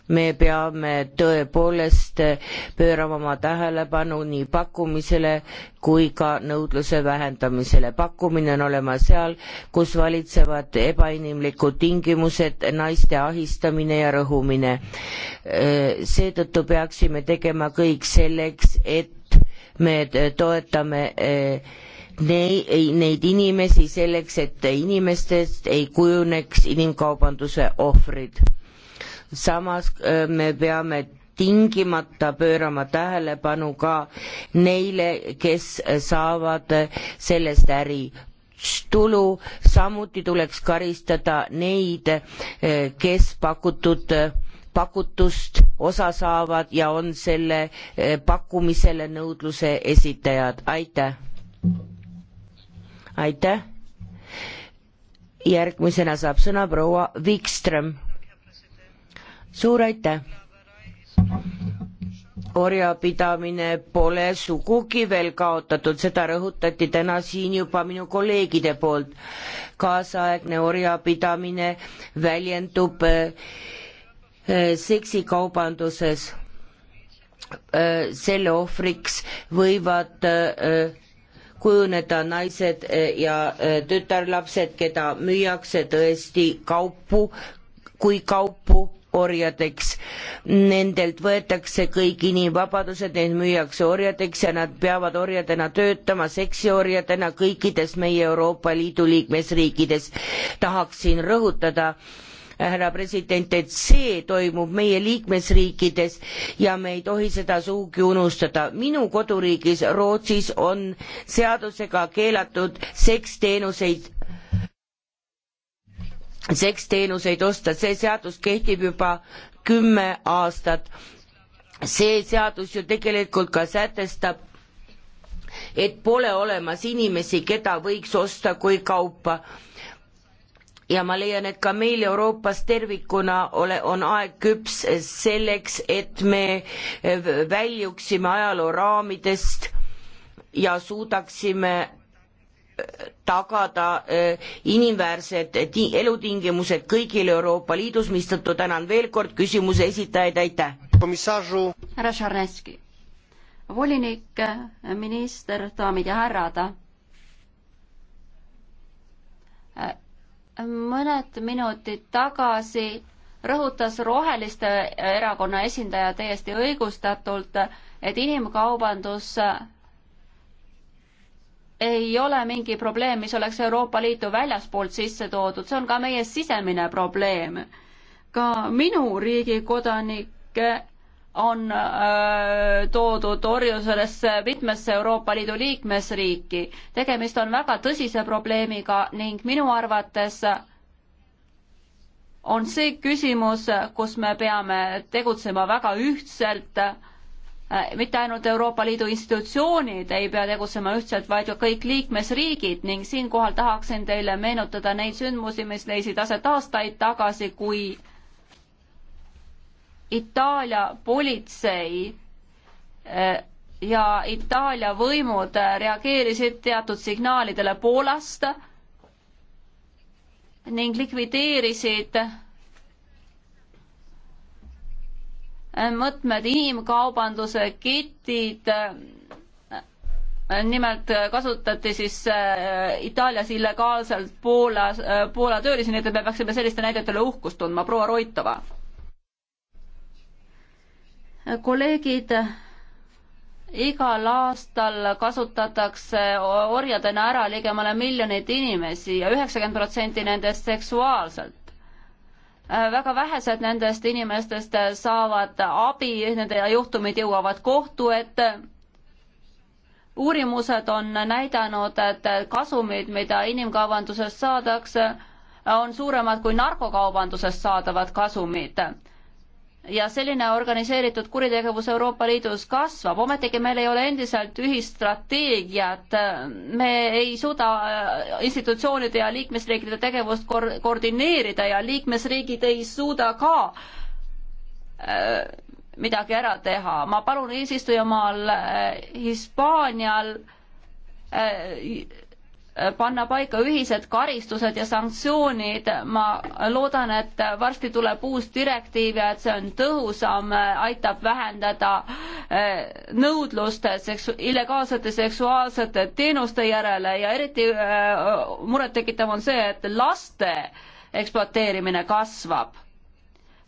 Speaker 3: me peame tõepoolest pöörama oma tähelepanu nii pakkumisele kui ka nõudluse vähendamisele. pakkumine on olema seal, kus valitsevad ebainimlikud tingimused, naiste ahistamine ja rõhumine. seetõttu peaksime tegema kõik selleks, et me toetame eh, Nei, neid inimesi selleks, et inimestest ei kujuneks inimkaubanduse ohvrid samas äh, me peame tingimata pöörama tähelepanu ka neile, kes äh, saavad äh, sellest äri tulu, samuti tuleks karistada neid, kes pakutud, pakutust osa saavad ja on selle pakkumisele nõudluse esitajad, aitäh. aitäh. järgmisena saab sõna proua Wikström suur aitäh! orjapidamine pole sugugi veel kaotatud, seda rõhutati täna siin juba minu kolleegide poolt. kaasaegne orjapidamine väljendub äh, äh, seksikaubanduses. Äh, selle ohvriks võivad kujuneda naised ja tütarlapsed, keda müüakse tõesti kaupu kui kaupu orjadeks. Nendelt võetakse kõik inimvabadused, neid müüakse orjadeks ja nad peavad orjadena töötama, seksiorjadena kõikides meie Euroopa Liidu liikmesriikides. tahaksin rõhutada, härra president, et see toimub meie liikmesriikides ja me ei tohi seda sugugi unustada. minu koduriigis Rootsis on seadusega keelatud seksteenuseid seksteenuseid osta, see seadus kehtib juba kümme aastat. see seadus ju tegelikult ka sätestab, et pole olemas inimesi, keda võiks osta kui kaupa ja ma leian, et ka meil Euroopas tervikuna ole, on aeg küps selleks, et me väljuksime ajaloo raamidest ja suudaksime tagada äh, inimväärsed elutingimused kõigil Euroopa Liidus, mistõttu tänan veel kord küsimuse esitajaid, aitäh!
Speaker 2: härra Šarneski, volinik, äh, minister, daamid ja härrad, äh, mõned minutid tagasi rõhutas Roheliste Erakonna esindaja täiesti õigustatult, et inimkaubandus ei ole mingi probleem, mis oleks Euroopa Liitu väljaspoolt sisse toodud, see on ka meie sisemine probleem. ka minu riigi kodanikke on öö, äh, toodud orjuselesse mitmesse Euroopa Liidu liikmesriiki. tegemist on väga tõsise probleemiga ning minu arvates on see küsimus, kus me peame tegutsema väga ühtselt Äh, mitte ainult Euroopa Liidu institutsioonid ei pea tegutsema ühtselt, vaid ka kõik liikmesriigid ning siinkohal tahaksin teile meenutada neid sündmusi, mis leidsid aset aastaid tagasi, kui Itaalia politsei äh, ja Itaalia võimud äh, reageerisid teatud signaalidele Poolast ning likvideerisid mõtmed, inimkaubanduse ketid. nimelt kasutati siis äh, Itaalias illegaalselt Poola, äh, Poola töölisi, nii et me peaksime selliste näidete üle uhkust tundma. proua Roitova. kolleegid igal aastal kasutatakse orjadena ära ligemale miljonit inimesi ja üheksakümmend protsenti nendest seksuaalselt. Äh, väga vähesed nendest inimestest äh, saavad äh, abi, nende juhtumid jõuavad kohtu ette uurimused on näidanud, et kasumid, mida inimkaubandusest saadakse, on suuremad kui narkokaubandusest saadavad kasumid ja selline organiseeritud kuritegevus Euroopa Liidus kasvab, ometigi meil ei ole endiselt ühist strateegiat, me ei suuda äh, institutsioonide ja liikmesriikide tegevust kor-, koordineerida ja liikmesriigid ei suuda ka äh, midagi ära teha, ma palun eesistujamaal äh, Hispaanial äh, panna paika ühised karistused ja sanktsioonid. ma loodan, et varsti tuleb uus direktiiv ja et see on tõhusam, aitab vähendada eh, nõudlust seksu-, illegaalsete seksuaalsete teenuste järele ja eriti eh, murettekitav on see, et laste ekspluateerimine kasvab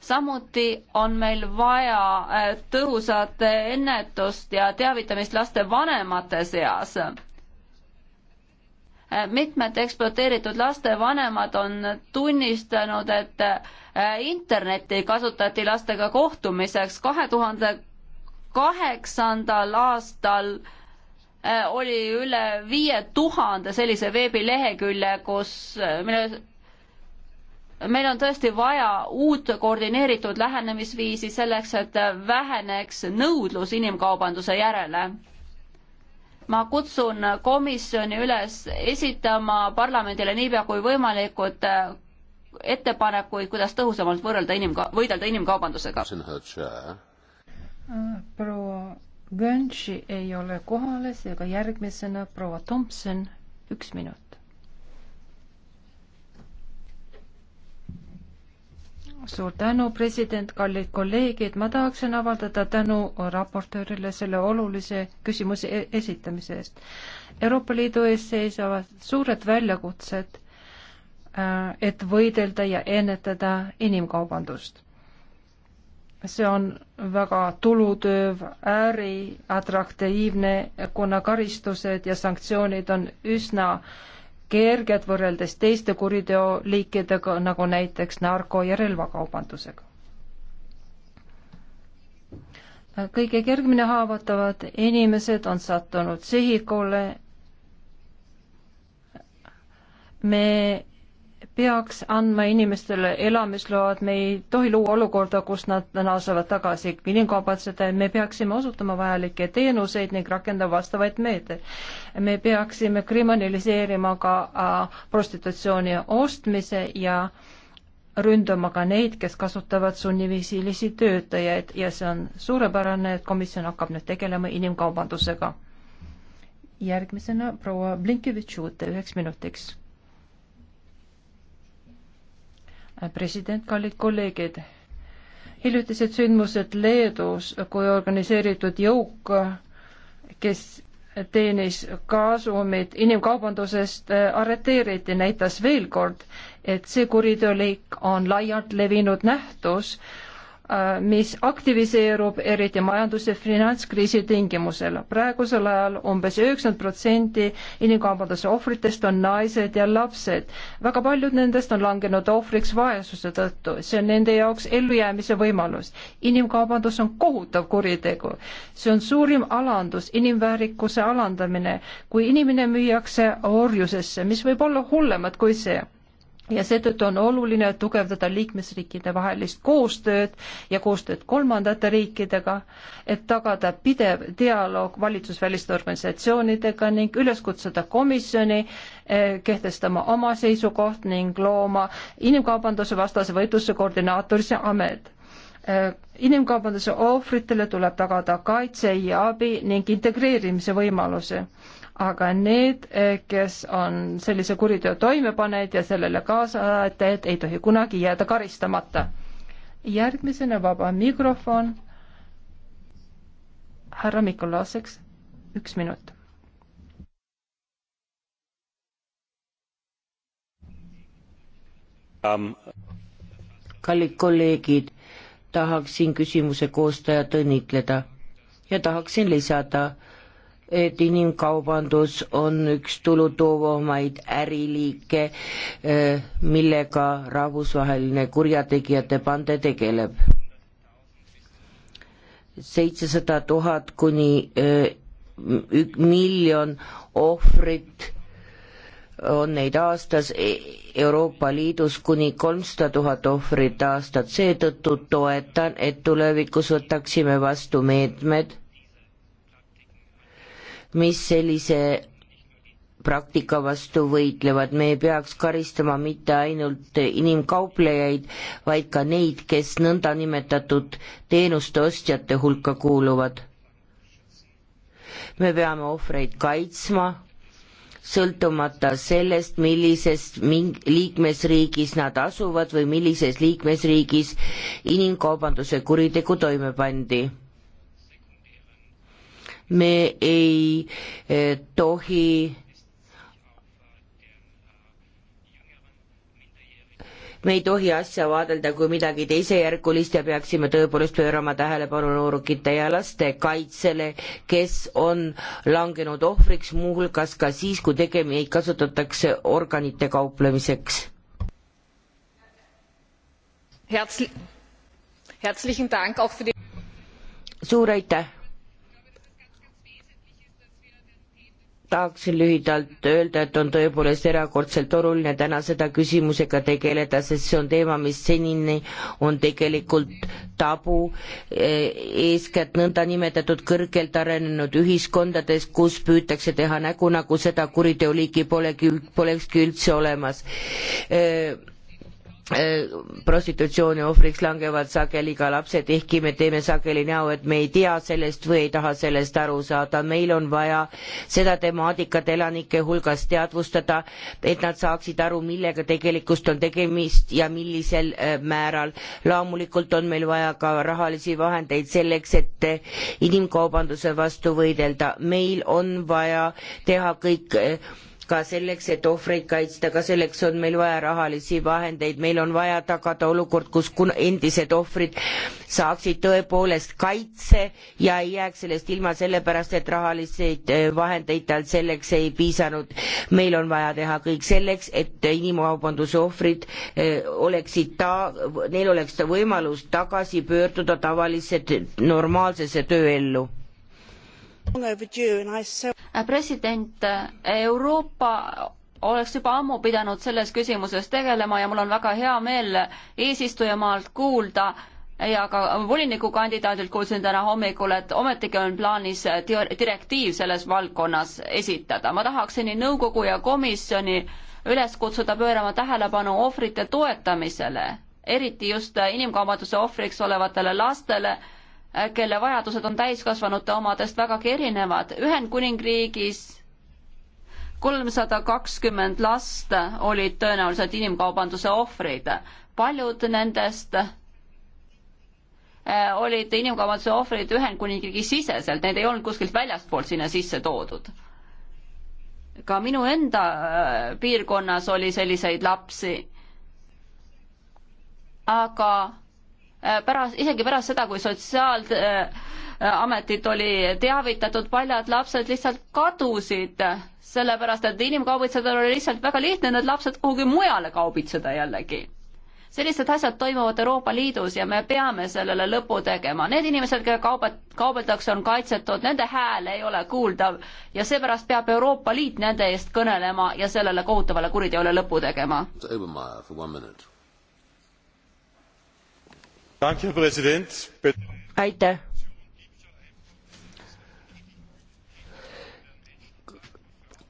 Speaker 2: samuti on meil vaja eh, tõhusat ennetust ja teavitamist laste vanemate seas mitmed ekspluateeritud laste vanemad on tunnistanud, et äh, internetti kasutati lastega kohtumiseks. kahe tuhande kaheksandal aastal äh, oli üle viie tuhande sellise veebilehekülje, kus, äh, mille meil on tõesti vaja uut koordineeritud lähenemisviisi selleks, et väheneks nõudlus inimkaubanduse järele ma kutsun komisjoni üles esitama parlamendile niipea kui võimalikud äh, ettepanekuid, kuidas tõhusamalt võrrelda inimka-, võidelda inimkaubandusega.
Speaker 1: Äh, proua Gönši ei ole kohal, seega järgmisena proua Tomson, üks minut. suur tänu, president, kallid kolleegid, ma tahaksin avaldada tänu raportöörile selle olulise küsimuse e-, esitamise eest. Euroopa Liidu ees seisavad suured väljakutsed, äh, et võidelda ja ennetada inimkaubandust. see on väga tulutööv äri, atraktiivne, kuna karistused ja sanktsioonid on üsna äh, kerged võrreldes teiste kuriteoliikidega, nagu näiteks narko- ja relvakaubandusega. kõige kergemini haavatavad inimesed on sattunud sihikule. me peaks andma inimestele elamisload, me ei tohi luua olukorda, kus nad naasevad tagasi kliinikaubandusele, me peaksime osutama vajalikke teenuseid ning rakendama vastavaid meetmeid. me peaksime kriminaliseerima ka äh, prostitutsiooni ostmise ja ründama ka neid, kes kasutavad sunniviisilisi töötajaid ja see on suurepärane, et komisjon hakkab nüüd tegelema inimkaubandusega. järgmisena proua Blinkevitš uute üheks minutiks president, kallid kolleegid. hiljutised sündmused Leedus, kui organiseeritud jõuk, kes teenis kasumit inimkaubandusest, arreteeriti, näitas veel kord, et see kuriteoliik on laialt levinud nähtus Äh, mis aktiviseerub eriti majandus- ja finantskriisi tingimusel. praegusel ajal umbes üheksakümmend protsenti inimkaubanduse ohvritest on naised ja lapsed. väga paljud nendest on langenud ohvriks vaesuse tõttu, see on nende jaoks ellujäämise võimalus. inimkaubandus on kohutav kuritegu, see on suurim alandus, inimväärikuse alandamine, kui inimene müüakse orjusesse, mis võib olla hullemat kui see ja seetõttu on oluline tugevdada liikmesriikide vahelist koostööd ja koostööd kolmandate riikidega, et tagada pidev dialoog valitsusväliste organisatsioonidega ning üles kutsuda komisjoni eh, kehtestama oma seisukoht ning looma inimkaubanduse vastase võitluse koordinaatorisse amet. Eh, inimkaubanduse ohvritele tuleb tagada kaitse ja abi ning integreerimise võimaluse aga need, eh, kes on sellise kuriteo toimepanejad ja sellele kaasaaitajad, ei tohi kunagi jääda karistamata. järgmisena vaba mikrofon härra Mikolaseks, üks minut.
Speaker 3: Um, kallid kolleegid, tahaksin küsimuse koostajat õnnitleda ja tahaksin lisada, et inimkaubandus on üks tulutoovamaid äriliike, eh, millega rahvusvaheline kurjategijate pande tegeleb. seitsesada tuhat kuni eh, miljon ohvrit on neid aastas e-, Euroopa Liidus kuni kolmsada tuhat ohvrit aastat, seetõttu toetan, et tulevikus võtaksime vastu meetmed, mis sellise praktika vastu võitlevad, me ei peaks karistama mitte ainult inimkauplejaid, vaid ka neid, kes nõndanimetatud teenuste ostjate hulka kuuluvad. me peame ohvreid kaitsma, sõltumata sellest, millises liikmesriigis nad asuvad või millises liikmesriigis inimkaubanduse kuritegu toime pandi me ei eh, tohi me ei tohi asja vaadelda kui midagi teisejärgulist ja peaksime tõepoolest pöörama tähelepanu noorukite ja laste kaitsele, kes on langenud ohvriks muuhulgas ka siis, kui tegemeid kasutatakse organite kauplemiseks. suur aitäh! tahaksin lühidalt öelda, et on tõepoolest erakordselt oluline täna seda küsimusega tegeleda, sest see on teema, mis senini on tegelikult tabu, eh, eeskätt nõndanimetatud kõrgelt arenenud ühiskondades, kus püütakse teha nägu, nagu seda kuriteoliiki polegi, polekski üldse olemas eh, Äh, prostitutsiooni ohvriks langevad sageli ka lapsed, ehkki me teeme sageli näo, et me ei tea sellest või ei taha sellest aru saada. meil on vaja seda temaatikat elanike hulgas teadvustada, et nad saaksid aru, millega tegelikult on tegemist ja millisel äh, määral. loomulikult on meil vaja ka rahalisi vahendeid selleks, et äh, inimkaubanduse vastu võidelda. meil on vaja teha kõik ka selleks, et ohvreid kaitsta, ka selleks on meil vaja rahalisi vahendeid, meil on vaja tagada olukord, kus endised ohvrid saaksid tõepoolest kaitse ja ei jääks sellest ilma sellepärast, et rahaliseid eh, vahendeid tal selleks ei piisanud. meil on vaja teha kõik selleks, et inimkaubanduse ohvrid eh, oleksid ta, neil oleks ta võimalus tagasi pöörduda tavalisse normaalsesse tööellu
Speaker 2: Äh, president, äh, Euroopa oleks juba ammu pidanud selles küsimuses tegelema ja mul on väga hea meel eesistujamaalt kuulda ja ka volinikukandidaadilt kuulsin täna hommikul, et ometigi on plaanis direktiiv selles valdkonnas esitada. ma tahaksin nii nõukogu ja komisjoni üles kutsuda pöörama tähelepanu ohvrite toetamisele, eriti just inimkaubanduse ohvriks olevatele lastele kelle vajadused on täiskasvanute omadest vägagi erinevad. Ühendkuningriigis kolmsada kakskümmend last olid tõenäoliselt inimkaubanduse ohvrid. paljud nendest eh, olid inimkaubanduse ohvrid Ühendkuningriigi siseselt, need ei olnud kuskilt väljastpoolt sinna sisse toodud. ka minu enda eh, piirkonnas oli selliseid lapsi. aga Äh, pärast, isegi pärast seda, kui sotsiaalametit oli teavitatud, paljud lapsed lihtsalt kadusid, sellepärast et inimkaubitsejatel oli lihtsalt väga lihtne need lapsed kuhugi mujale kaubitseda jällegi sellised asjad toimuvad Euroopa Liidus ja me peame sellele lõpu tegema. Need inimesed, kelle kaubad, kaubeldakse, on kaitsetud, nende hääl ei ole kuuldav ja seepärast peab Euroopa Liit nende eest kõnelema ja sellele kohutavale kuriteole lõpu tegema
Speaker 3: aitäh!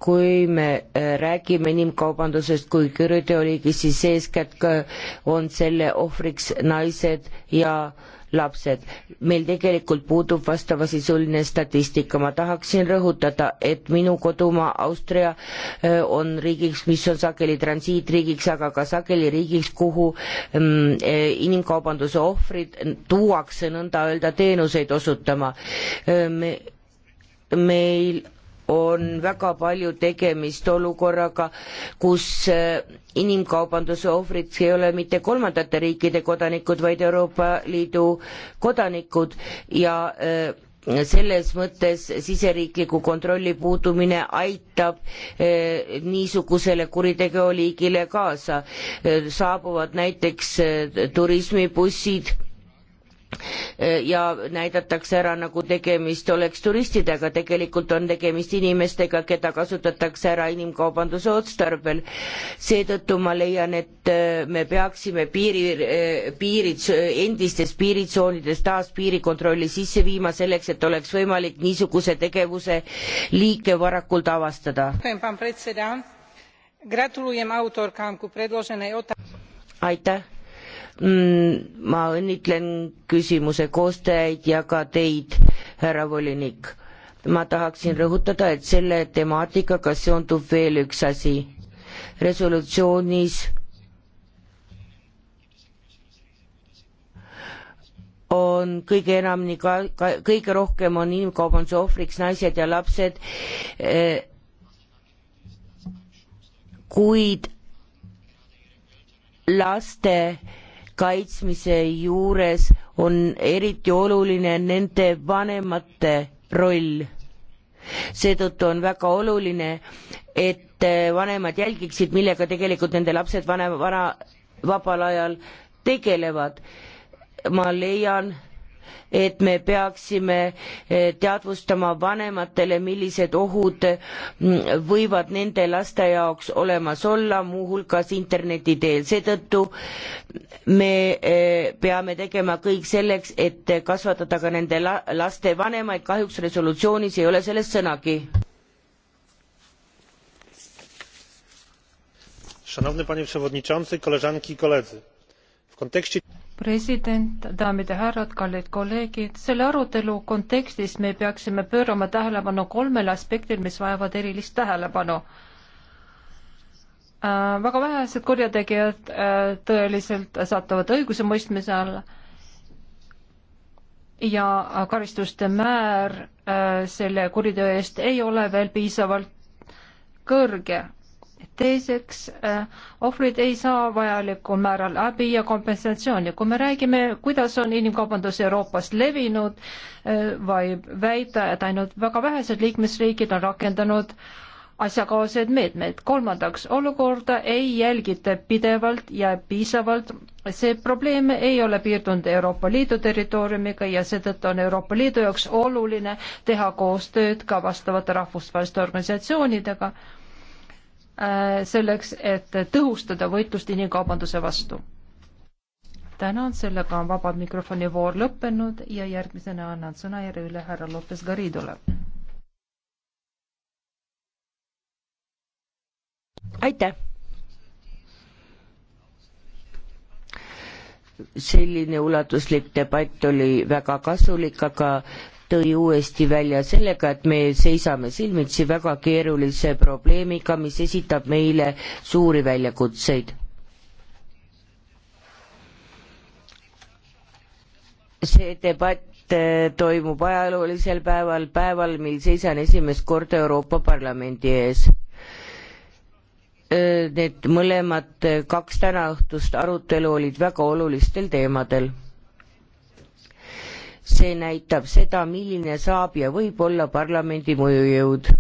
Speaker 3: kui me äh, räägime inimkaubandusest kui kuriteoliigist, siis eeskätt äh, on selle ohvriks naised ja lapsed. meil tegelikult puudub vastavasisuline statistika, ma tahaksin rõhutada, et minu kodumaa Austria on riigiks, mis on sageli transiitriigiks, aga ka sageli riigiks, kuhu mm, e, inimkaubanduse ohvrid tuuakse nõnda öelda teenuseid osutama. me, meil on väga palju tegemist olukorraga, kus äh, inimkaubanduse ohvriks ei ole mitte kolmandate riikide kodanikud, vaid Euroopa Liidu kodanikud ja äh, selles mõttes siseriikliku kontrolli puudumine aitab äh, niisugusele kuriteoliigile kaasa. saabuvad näiteks turismibussid Äh, ja näidatakse ära, nagu tegemist oleks turistidega, tegelikult on tegemist inimestega, keda kasutatakse ära inimkaubanduse otstarbel. seetõttu ma leian, et äh, me peaksime piiri, äh, piirid, endistes piiritsoonides taas piirikontrolli sisse viima, selleks et oleks võimalik niisuguse tegevuse liike varakult avastada. aitäh. Mm, ma õnnitlen küsimuse koostajaid ja ka teid, härra volinik. ma tahaksin rõhutada, et selle temaatikaga seondub veel üks asi. resolutsioonis on kõige enam nii ka, ka kõige rohkem on inimkaubanduse ohvriks naised ja lapsed eh,. kuid laste eh, kaitsmise juures on eriti oluline nende vanemate roll. seetõttu on väga oluline, et vanemad jälgiksid, millega tegelikult nende lapsed vanem, vana, vabal ajal tegelevad. ma leian, et me peaksime eh, teadvustama vanematele, millised ohud mm, võivad nende laste jaoks olemas olla, muuhulgas interneti teel. seetõttu me eh, peame tegema kõik selleks, et kasvatada ka nende la-, laste vanemaid, kahjuks resolutsioonis ei ole sellest sõnagi.
Speaker 4: szanowny panie przewodniczący koleżanki i koledzy w kontekście
Speaker 1: president, daamid ja härrad, kallid kolleegid, selle arutelu kontekstis me peaksime pöörama tähelepanu kolmele aspektile, mis vajavad erilist tähelepanu äh,. väga vähesed kurjategijad äh, tõeliselt satuvad õigusemõistmise alla ja karistuste määr äh, selle kuriteo eest ei ole veel piisavalt kõrge teiseks, äh, ohvrid ei saa vajalikul määral abi ja kompensatsiooni. kui me räägime, kuidas on inimkaubandus Euroopas levinud, äh, võib väita, et ainult väga vähesed liikmesriigid on rakendanud asjakohaseid meetmeid. kolmandaks, olukorda ei jälgita pidevalt ja piisavalt. see probleem ei ole piirdunud Euroopa Liidu territooriumiga ja seetõttu on Euroopa Liidu jaoks oluline teha koostööd ka vastavate rahvusvaheliste organisatsioonidega Äh, selleks, et tõhustada võitlust inimkaubanduse vastu. tänan, sellega on vaba mikrofoni voor lõppenud ja järgmisena annan sõna järele härra Lopez Garidole.
Speaker 3: aitäh! selline ulatuslik debatt oli väga kasulik, aga tõi uuesti välja sellega, et me seisame silmitsi väga keerulise probleemiga, mis esitab meile suuri väljakutseid. see debatt äh, toimub ajaloolisel päeval, päeval, mil seisan esimest korda Euroopa Parlamendi ees äh, need mõlemad äh, kaks tänaõhtust arutelu olid väga olulistel teemadel see näitab seda, milline saab ja võib olla parlamendi mõjujõud.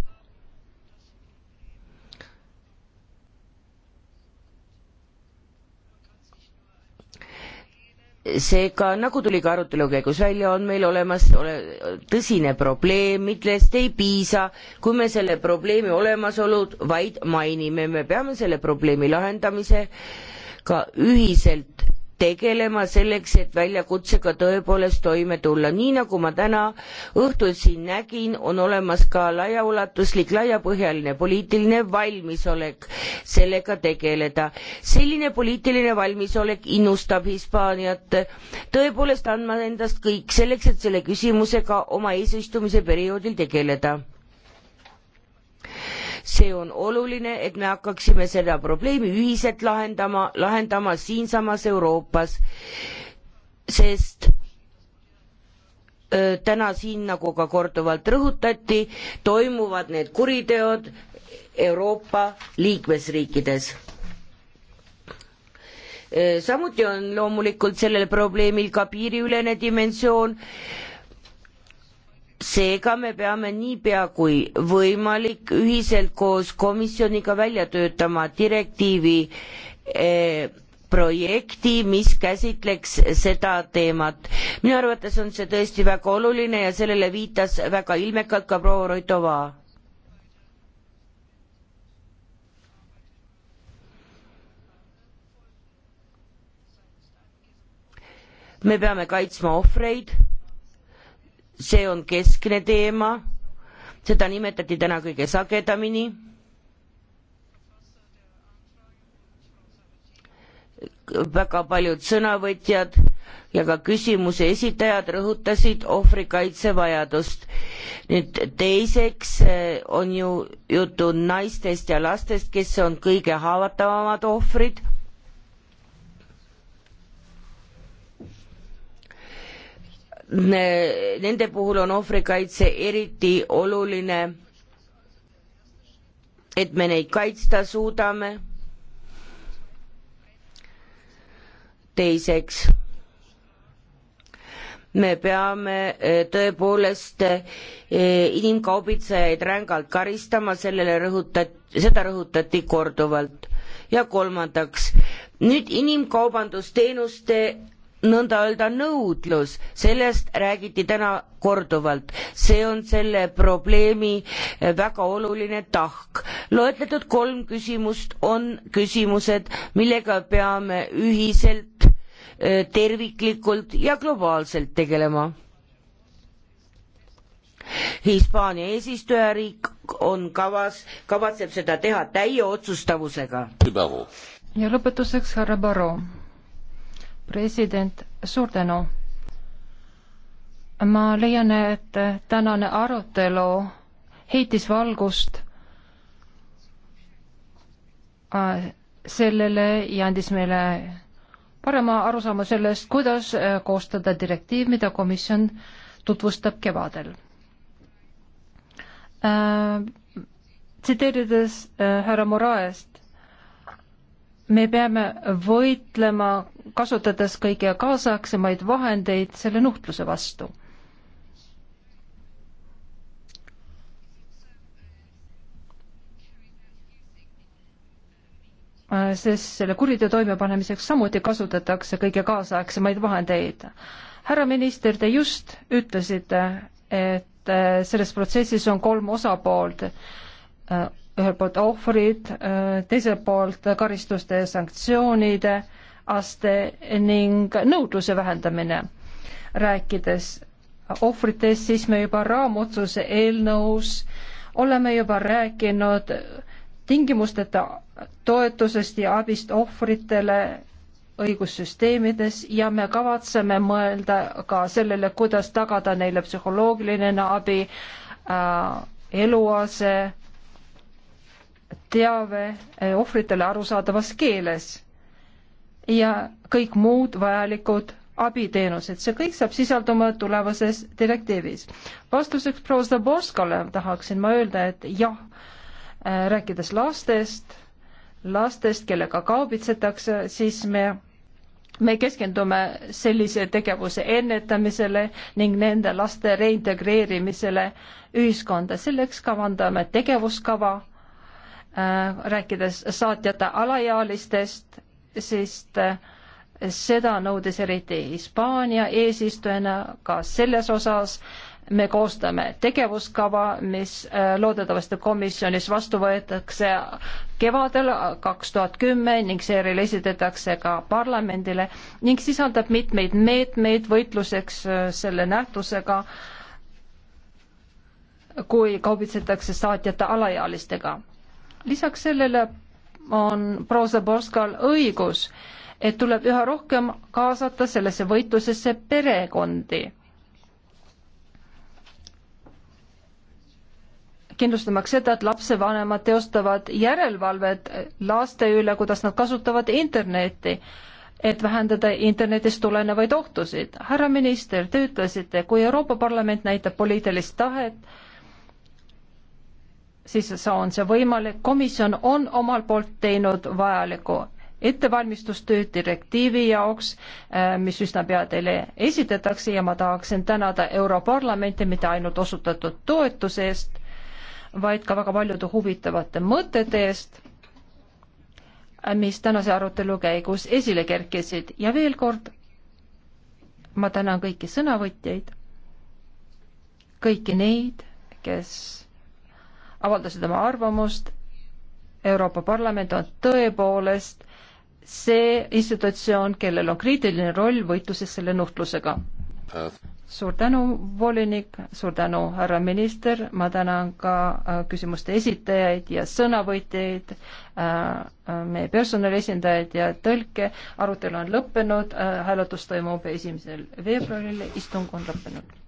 Speaker 3: seega, nagu tuli ka arutelu käigus välja, on meil olemas ole, tõsine probleem, millest ei piisa, kui me selle probleemi olemasolu vaid mainime, me peame selle probleemi lahendamise ka ühiselt tegelema selleks, et väljakutsega tõepoolest toime tulla. nii nagu ma täna õhtul siin nägin, on olemas ka laiaulatuslik, laiapõhjaline poliitiline valmisolek sellega tegeleda. selline poliitiline valmisolek innustab Hispaaniat tõepoolest andma endast kõik selleks, et selle küsimusega oma eesistumise perioodil tegeleda see on oluline, et me hakkaksime seda probleemi ühiselt lahendama, lahendama siinsamas Euroopas, sest öö, täna siin, nagu ka korduvalt rõhutati, toimuvad need kuriteod Euroopa liikmesriikides samuti on loomulikult sellel probleemil ka piiriülene dimensioon seega me peame niipea kui võimalik ühiselt koos komisjoniga välja töötama direktiivi eh, projekti, mis käsitleks seda teemat. minu arvates on see tõesti väga oluline ja sellele viitas väga ilmekalt ka proua Roitova. me peame kaitsma ohvreid see on keskne teema, seda nimetati täna kõige sagedamini väga paljud sõnavõtjad ja ka küsimuse esitajad rõhutasid ohvrikaitse vajadust. nüüd teiseks eh, on ju juttu naistest ja lastest, kes on kõige haavatavamad ohvrid nende puhul on ohvrikaitse eriti oluline, et me neid kaitsta suudame. teiseks, me peame eh, tõepoolest eh, inimkaubitsejaid rängalt karistama, sellele rõhutati, seda rõhutati korduvalt. ja kolmandaks, nüüd inimkaubandusteenuste nõnda öelda nõudlus, sellest räägiti täna korduvalt. see on selle probleemi eh, väga oluline tahk. loetletud kolm küsimust on küsimused, millega peame ühiselt, eh, terviklikult ja globaalselt tegelema. Hispaania eesistujariik on kavas, kavatseb seda teha täie otsustavusega.
Speaker 1: ja lõpetuseks härra Barro president, suur tänu. ma leian, et tänane arutelu heitis valgust äh, sellele ja andis meile parema arusaama sellest, kuidas äh, koostada direktiiv, mida komisjon tutvustab kevadel äh,. tsiteerides äh, härra Moraest, me peame võitlema, kasutades kõige kaasaegsemaid vahendeid selle nuhtluse vastu. sest selle kuriteo toimepanemiseks samuti kasutatakse kõige kaasaegsemaid vahendeid. härra minister, te just ütlesite, et selles protsessis on kolm osapoolt ühelt poolt ohvrid, äh, teiselt poolt karistuste ja sanktsioonide aste ning nõudluse vähendamine. rääkides ohvritest, siis me juba raamotsuse eelnõus oleme juba rääkinud tingimusteta toetusest ja abist ohvritele õigussüsteemides ja me kavatseme mõelda ka sellele, kuidas tagada neile psühholoogiline abi äh,, eluase teave eh, ohvritele arusaadavas keeles ja kõik muud vajalikud abiteenused, see kõik saab sisalduma tulevases direktiivis. vastuseks proua Zaborskale tahaksin ma öelda, et jah, eh, rääkides lastest, lastest, kellega kaubitsetakse, siis me me keskendume sellise tegevuse ennetamisele ning nende laste reintegreerimisele ühiskonda. selleks kavandame tegevuskava Äh, rääkides saatjate alaealistest, sest äh, seda nõudis eriti Hispaania eesistujana ka selles osas me koostame tegevuskava, mis äh, loodetavasti komisjonis vastu võetakse kevadel kaks tuhat kümme ning seejärel esitatakse ka parlamendile ning sisaldab mitmeid meetmeid võitluseks selle nähtusega, kui kaubitsetakse saatjate alaealistega lisaks sellele on proua Zaborskal õigus, et tuleb üha rohkem kaasata sellesse võitlusesse perekondi kindlustamaks seda, et lapsevanemad teostavad järelevalvet laste üle, kuidas nad kasutavad Internetti, et vähendada Internetist tulenevaid ohtusid. härra minister, te ütlesite, kui Euroopa Parlament näitab poliitilist tahet, siis on see võimalik. komisjon on omalt poolt teinud vajaliku ettevalmistustöö direktiivi jaoks, äh, mis üsna pea teile esitatakse ja ma tahaksin tänada Europarlamenti mitte ainult osutatud toetuse eest, vaid ka väga paljude huvitavate mõtete eest, äh, mis tänase arutelu käigus esile kerkisid ja veel kord ma tänan kõiki sõnavõtjaid, kõiki neid, kes avaldasid oma arvamust. Euroopa Parlament on tõepoolest see institutsioon, kellel on kriitiline roll võitluses selle nuhtlusega. suur tänu, volinik, suur tänu, härra minister, ma tänan ka äh, küsimuste esitajaid ja sõnavõtjaid, äh, äh, meie personali esindajaid ja tõlke. arutelu on lõppenud, hääletus toimub esimesel veebruaril, istung on lõppenud